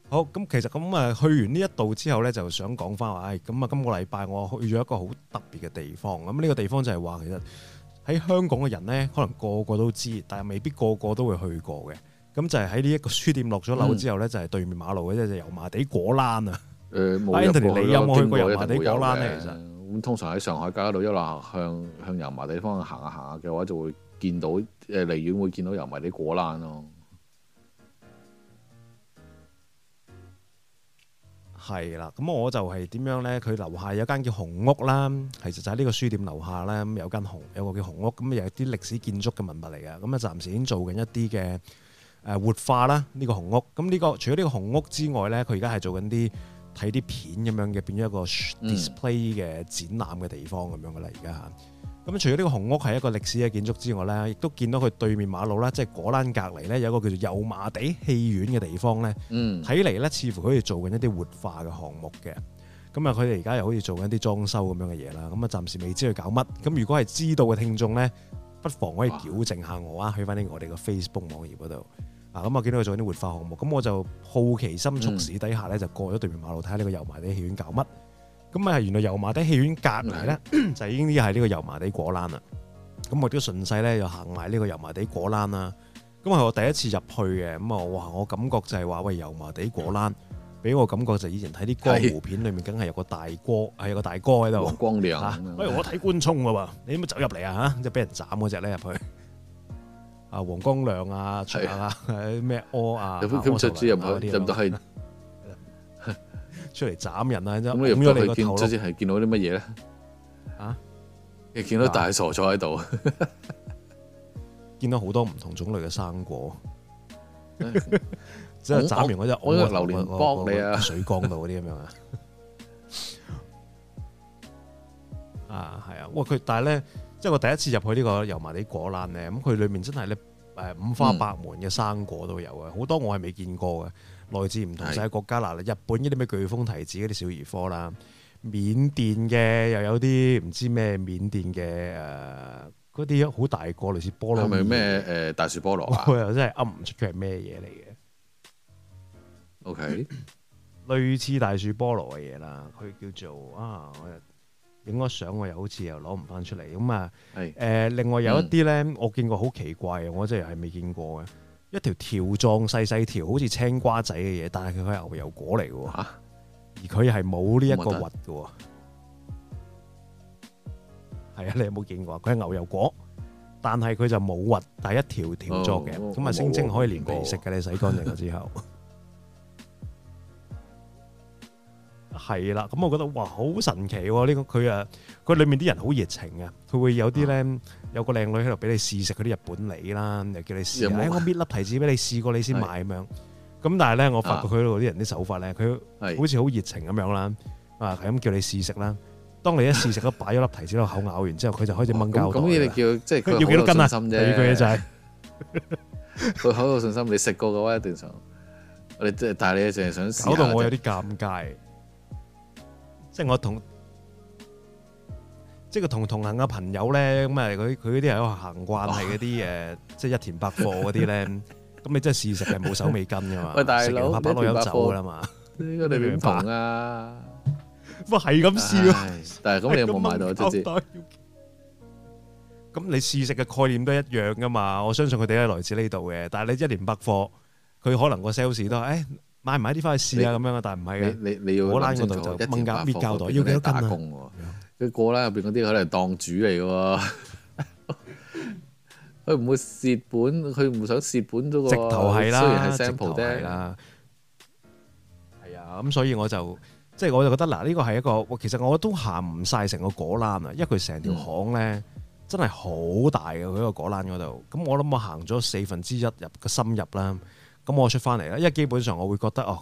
好，咁其實咁啊去完呢一度之後咧，就想講翻話，唉，咁啊今個禮拜我去咗一個好特別嘅地方，咁呢個地方就係話其實喺香港嘅人咧，可能個個都知，但係未必個個都會去過嘅。咁就係喺呢一個書店落咗樓之後咧，嗯、就係對面馬路嘅一隻油麻地果欄啊、欸、 ！Anthony，你有冇去過油麻地果欄咧、啊？其實、啊、通常喺上海街嗰度一路向向油麻地方向行下行下嘅話，就會見到誒離遠會見到油麻地果欄咯、啊。係啦，咁我就係點樣咧？佢樓下有間叫紅屋啦，其實就喺呢個書店樓下咧，有間紅有個叫紅屋，咁又係啲歷史建築嘅文物嚟嘅。咁啊，暫時已經做緊一啲嘅。誒活化啦呢個紅屋，咁呢個除咗呢個紅屋之外咧，佢而家係做緊啲睇啲片咁樣嘅，變咗一個 display 嘅展覽嘅地方咁樣嘅啦。而家嚇，咁除咗呢個紅屋係一個歷史嘅建築之外咧，亦都見到佢對面馬路啦，即係果欄隔離咧，有一個叫做油麻地戲院嘅地方咧，睇嚟咧似乎好似做緊一啲活化嘅項目嘅。咁啊，佢哋而家又好似做緊啲裝修咁樣嘅嘢啦。咁啊，暫時未知佢搞乜。咁如果係知道嘅聽眾咧，不妨可以矯正下我啊，去翻啲我哋嘅 Facebook 網頁嗰度。咁我見到佢做啲活化項目，咁我就好奇心促使底下咧，就過咗對面馬路睇下呢個油麻地戲院搞乜？咁啊，原來油麻地戲院隔離咧就已經啲係呢個油麻地果欄啦。咁我都順勢咧就行埋呢個油麻地果欄啦。咁係我第一次入去嘅。咁啊，哇！我感覺就係話喂，油麻地果欄俾我感覺就以前睇啲江湖片裏面，梗係有個大哥係有個大哥喺度。光亮。喂，我睇官衝喎，你點解走入嚟啊？嚇，即係俾人斬嗰隻咧入去。啊，黃光亮啊，啊，咩屙啊，有冇跳出啲入啲入到去，出嚟斬人啊！咁你入去見，首先係見到啲乜嘢咧？啊，你見到大傻坐喺度，見到好多唔同種類嘅生果，即係斬完嗰隻柯榴蓮幫你啊，水缸度嗰啲咁樣啊，啊，係啊，哇！佢但係咧。即係我第一次入去呢個油麻地果欄咧，咁、嗯、佢裏面真係咧，誒五花八門嘅生果都有啊，好、嗯、多我係未見過嘅，來自唔同世界國家，嗱是日本一啲咩巨峰提子嗰啲小兒科啦，緬甸嘅又有啲唔知咩緬甸嘅誒，嗰啲好大個類似是是、呃、菠蘿，啊，係咪咩誒大樹菠蘿，佢又真係噏唔出佢係咩嘢嚟嘅。OK，類似大樹菠蘿嘅嘢啦，佢叫做啊。影個相我又好似又攞唔翻出嚟咁啊！誒是、呃，另外有一啲咧，嗯、我見過好奇怪嘅，我真係未見過嘅，一條條狀細細條，好似青瓜仔嘅嘢，但係佢係牛油果嚟嘅，啊、而佢係冇呢一個核嘅，係啊！你有冇見過？佢係牛油果，但係佢就冇核，但係一條條狀嘅，咁啊，聲稱可以連皮食嘅，你洗乾淨之後。 係啦，咁、嗯、我覺得哇，好神奇喎！呢、這個佢誒，佢裏面啲人好熱情啊，佢會有啲咧，有個靚女喺度俾你試食嗰啲日本梨啦，又叫你試啊，誒，我搣粒提子俾你試過你先買咁樣。咁的但係咧，我發覺佢嗰度啲人啲手法咧，佢好似好熱情咁樣啦，的啊，咁叫你試食啦。當你一試食咗擺咗粒提子喺口咬完之後，佢就開始掹膠。咁、哦哦、你哋叫即係要幾多斤啊？第二句就係佢好有，信心， 有信心，你食過嘅話一定就你即係，但係你淨係想搞到我有啲尷尬。即係我同，即係同同行嘅朋友咧，咁啊佢佢嗰啲係行慣係嗰啲誒，哦、即係一田百貨嗰啲咧，咁 你真係試食係冇手尾跟噶嘛？食完百百樂有走噶啦嘛？你明唔明啊？哇，係咁試，但係咁你有冇買到？即係咁，你試食嘅概念都一樣噶嘛？我相信佢哋係來自呢度嘅，但係你一田百貨，佢可能個 sales 都係誒。哎買唔買啲翻去試啊？咁樣啊，但係唔係嘅。你你要攞嗰度就問教咩膠袋，要幾多斤啊！啲果欄入邊嗰啲可能檔主嚟嘅喎，佢唔會蝕本，佢唔想蝕本啫喎。直頭係啦，雖然係 sample 啫。係啊，咁所以我就即係、就是、我就覺得嗱，呢、啊呢個係一個其實我都行唔晒成個果欄啊，因為佢成條巷咧、嗯、真係好大嘅，佢、嗰個果欄嗰度。咁我諗我行咗四分之一入個深入啦。咁我出翻嚟啦，因為基本上我會覺得哦，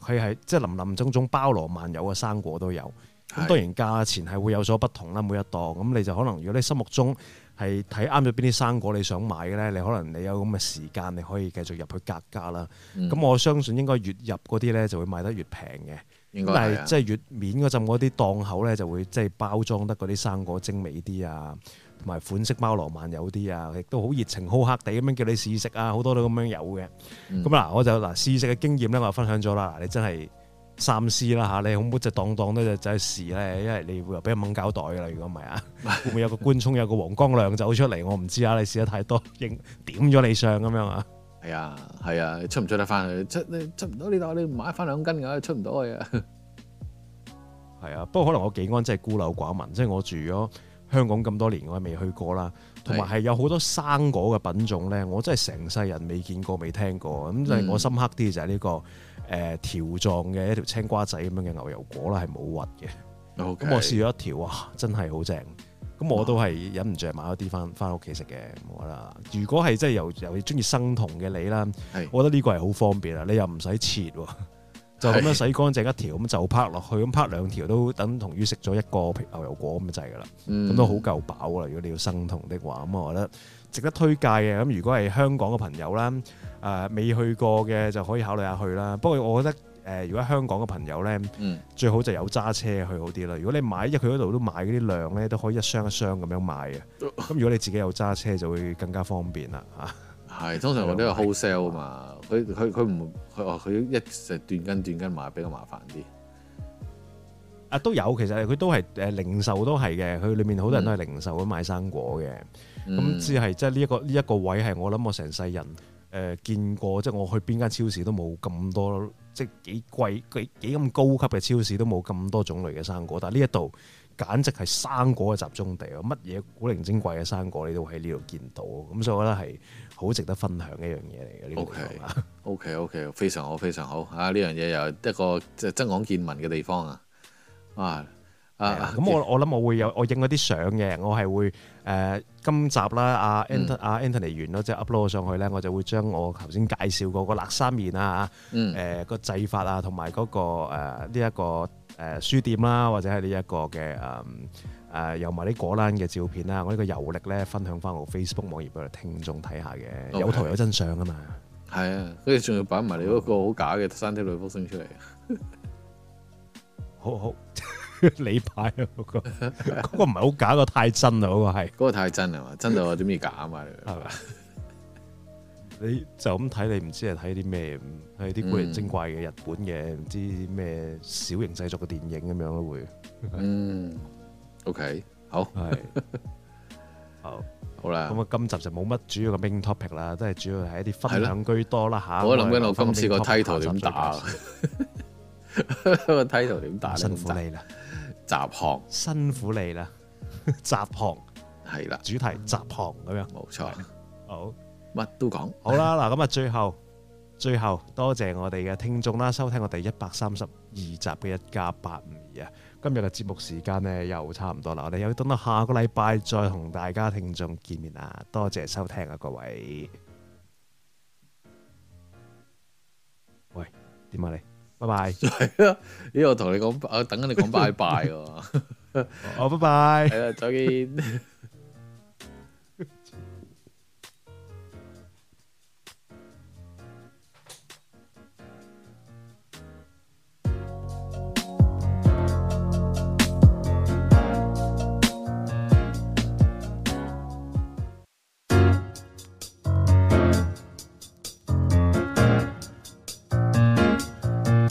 佢係即係林林總總包羅萬有嘅生果都有。咁是的 當然價錢係會有所不同啦，每一檔，咁你就可能如果你心目中係睇啱咗邊啲生果你想買嘅咧，你可能你有咁嘅時間你可以繼續入去格價啦。咁、嗯、我相信應該越入嗰啲咧就會賣得越平嘅。咁、啊、但係即係越面嗰陣嗰啲檔口咧就會即係包裝得嗰啲生果精美啲啊。同埋款式包羅萬有啲啊，亦都好熱情好客地咁樣叫你試食啊，好多都咁樣有嘅。咁嗱、嗯啊，我就嗱試食嘅經驗咧，我就分享咗啦、啊。你真係三思啦嚇、啊，你好唔好就當當咧就就試咧？因為你會又俾人掹膠袋啦。如果唔係啊，會唔會有個官衝 有個黃光亮走出嚟？我唔知啊。你試得太多，點咗你相咁樣啊？係啊，係啊，出唔出得翻去？出你出唔到呢度，你買翻兩斤㗎，出唔到去啊。係 啊，不過可能我技安，真、就、係、是、孤陋寡聞，即、就、係、是、我住咗。香港咁多年我未去過啦，同埋係有好多生果嘅品種咧，我真係成世人未見過、未聽過，咁就係我深刻啲就係、是、呢、呢個誒、呃、條狀嘅一條青瓜仔咁樣嘅牛油果啦，係冇核嘅，咁 Okay. 我試咗一條，啊，真係好正，咁我都係忍唔住買咗啲返返屋企食嘅，我啦。如果係真係由由鍾意生酮嘅你啦，我覺得呢是個係好方便啊，你又唔使切喎、啊。就咁樣洗乾淨一條，咁是就拍落去，咁拍兩條都等同於食咗一個牛油果咁就係㗎啦，咁、嗯、都好夠飽啦。如果你要生酮的話，咁我覺得值得推介嘅。咁如果係香港嘅朋友啦，誒、呃、未去過嘅就可以考慮下去啦。不過我覺得誒、呃、如果香港嘅朋友咧，嗯、最好就有揸車去好啲啦。如果你買，因為佢嗰度都買嗰啲量咧，都可以一箱一箱咁樣買嘅。咁如果你自己有揸車，就會更加方便啦嚇。啊係通常我哋係 wholesale 啊嘛，佢佢佢唔佢佢一直斷根斷根買比較麻煩啲啊，都有其實佢都係誒零售都係嘅，佢裏面好多人都係零售都賣生果嘅咁。只係即係呢一個呢一、這個位係我諗我成世人誒、呃、見過，即、就、係、是、我去邊間超市都冇咁多，即係幾貴幾幾咁高級嘅超市都冇咁多種類嘅生果，但係呢一度。簡直係生果嘅集中地咯，乜嘢古靈精怪嘅生果你都會喺呢度見到，咁所以我覺得係好值得分享一樣嘢嚟嘅呢個地方。OK OK，非常好，非常好啊！呢樣嘢又係一個即係增廣見聞嘅地方啊！啊！啊！咁、yeah, 我行我諗我會有我影嗰啲相嘅，我係會誒、呃、今集啦，阿 Anthony 阿 Anthony 完咗即係 upload 咗上去咧，我就會將我頭先介紹過個辣沙麵啊，誒、嗯呃、個製法啊，同埋嗰個誒呢一個誒書店啦、啊，或者係呢、呃呃、一個嘅誒誒，有埋啲果欄嘅照片啊。我個呢個遊歷咧，分享翻我 Facebook 網頁俾聽眾睇下嘅，Okay. 有圖有真相啊嘛。係啊、嗯，跟住仲要擺埋你嗰個假 好假嘅山 T 女福星出嚟，好好。好好好好你派啊！嗰個嗰個唔係好假，個太真啊。嗰個係，嗰個太真係嘛？真到點解假啊？係嘛？你就咁睇，你唔知係睇啲咩？睇啲古靈精怪嘅日本嘅唔知咩小型製作嘅電影咁樣咯，會嗯，OK，好係，好好啦。咁啊，今集就冇乜主要嘅 main topic 啦，都係主要係一啲分享居多啦。吓，我諗緊我今次個 title 點打？個 title 點打？辛苦你啦。雜項辛苦你啦，雜項係啦，的主題雜項咁樣，冇錯錯，的 好，乜都講好啦吧，嗱咁啊，最後最後多謝我哋嘅聽眾啦， 收聽我哋一百三十二集嘅一家八五二啊，52，今日嘅節目時間呢又差唔多啦，我哋又要等到下個禮拜再同大家聽眾見面啦，多謝收聽啊各位。喂，點啊你？拜拜，係咯，呢我同你講，啊，等緊你講拜拜，哦，拜拜，係啦，再見。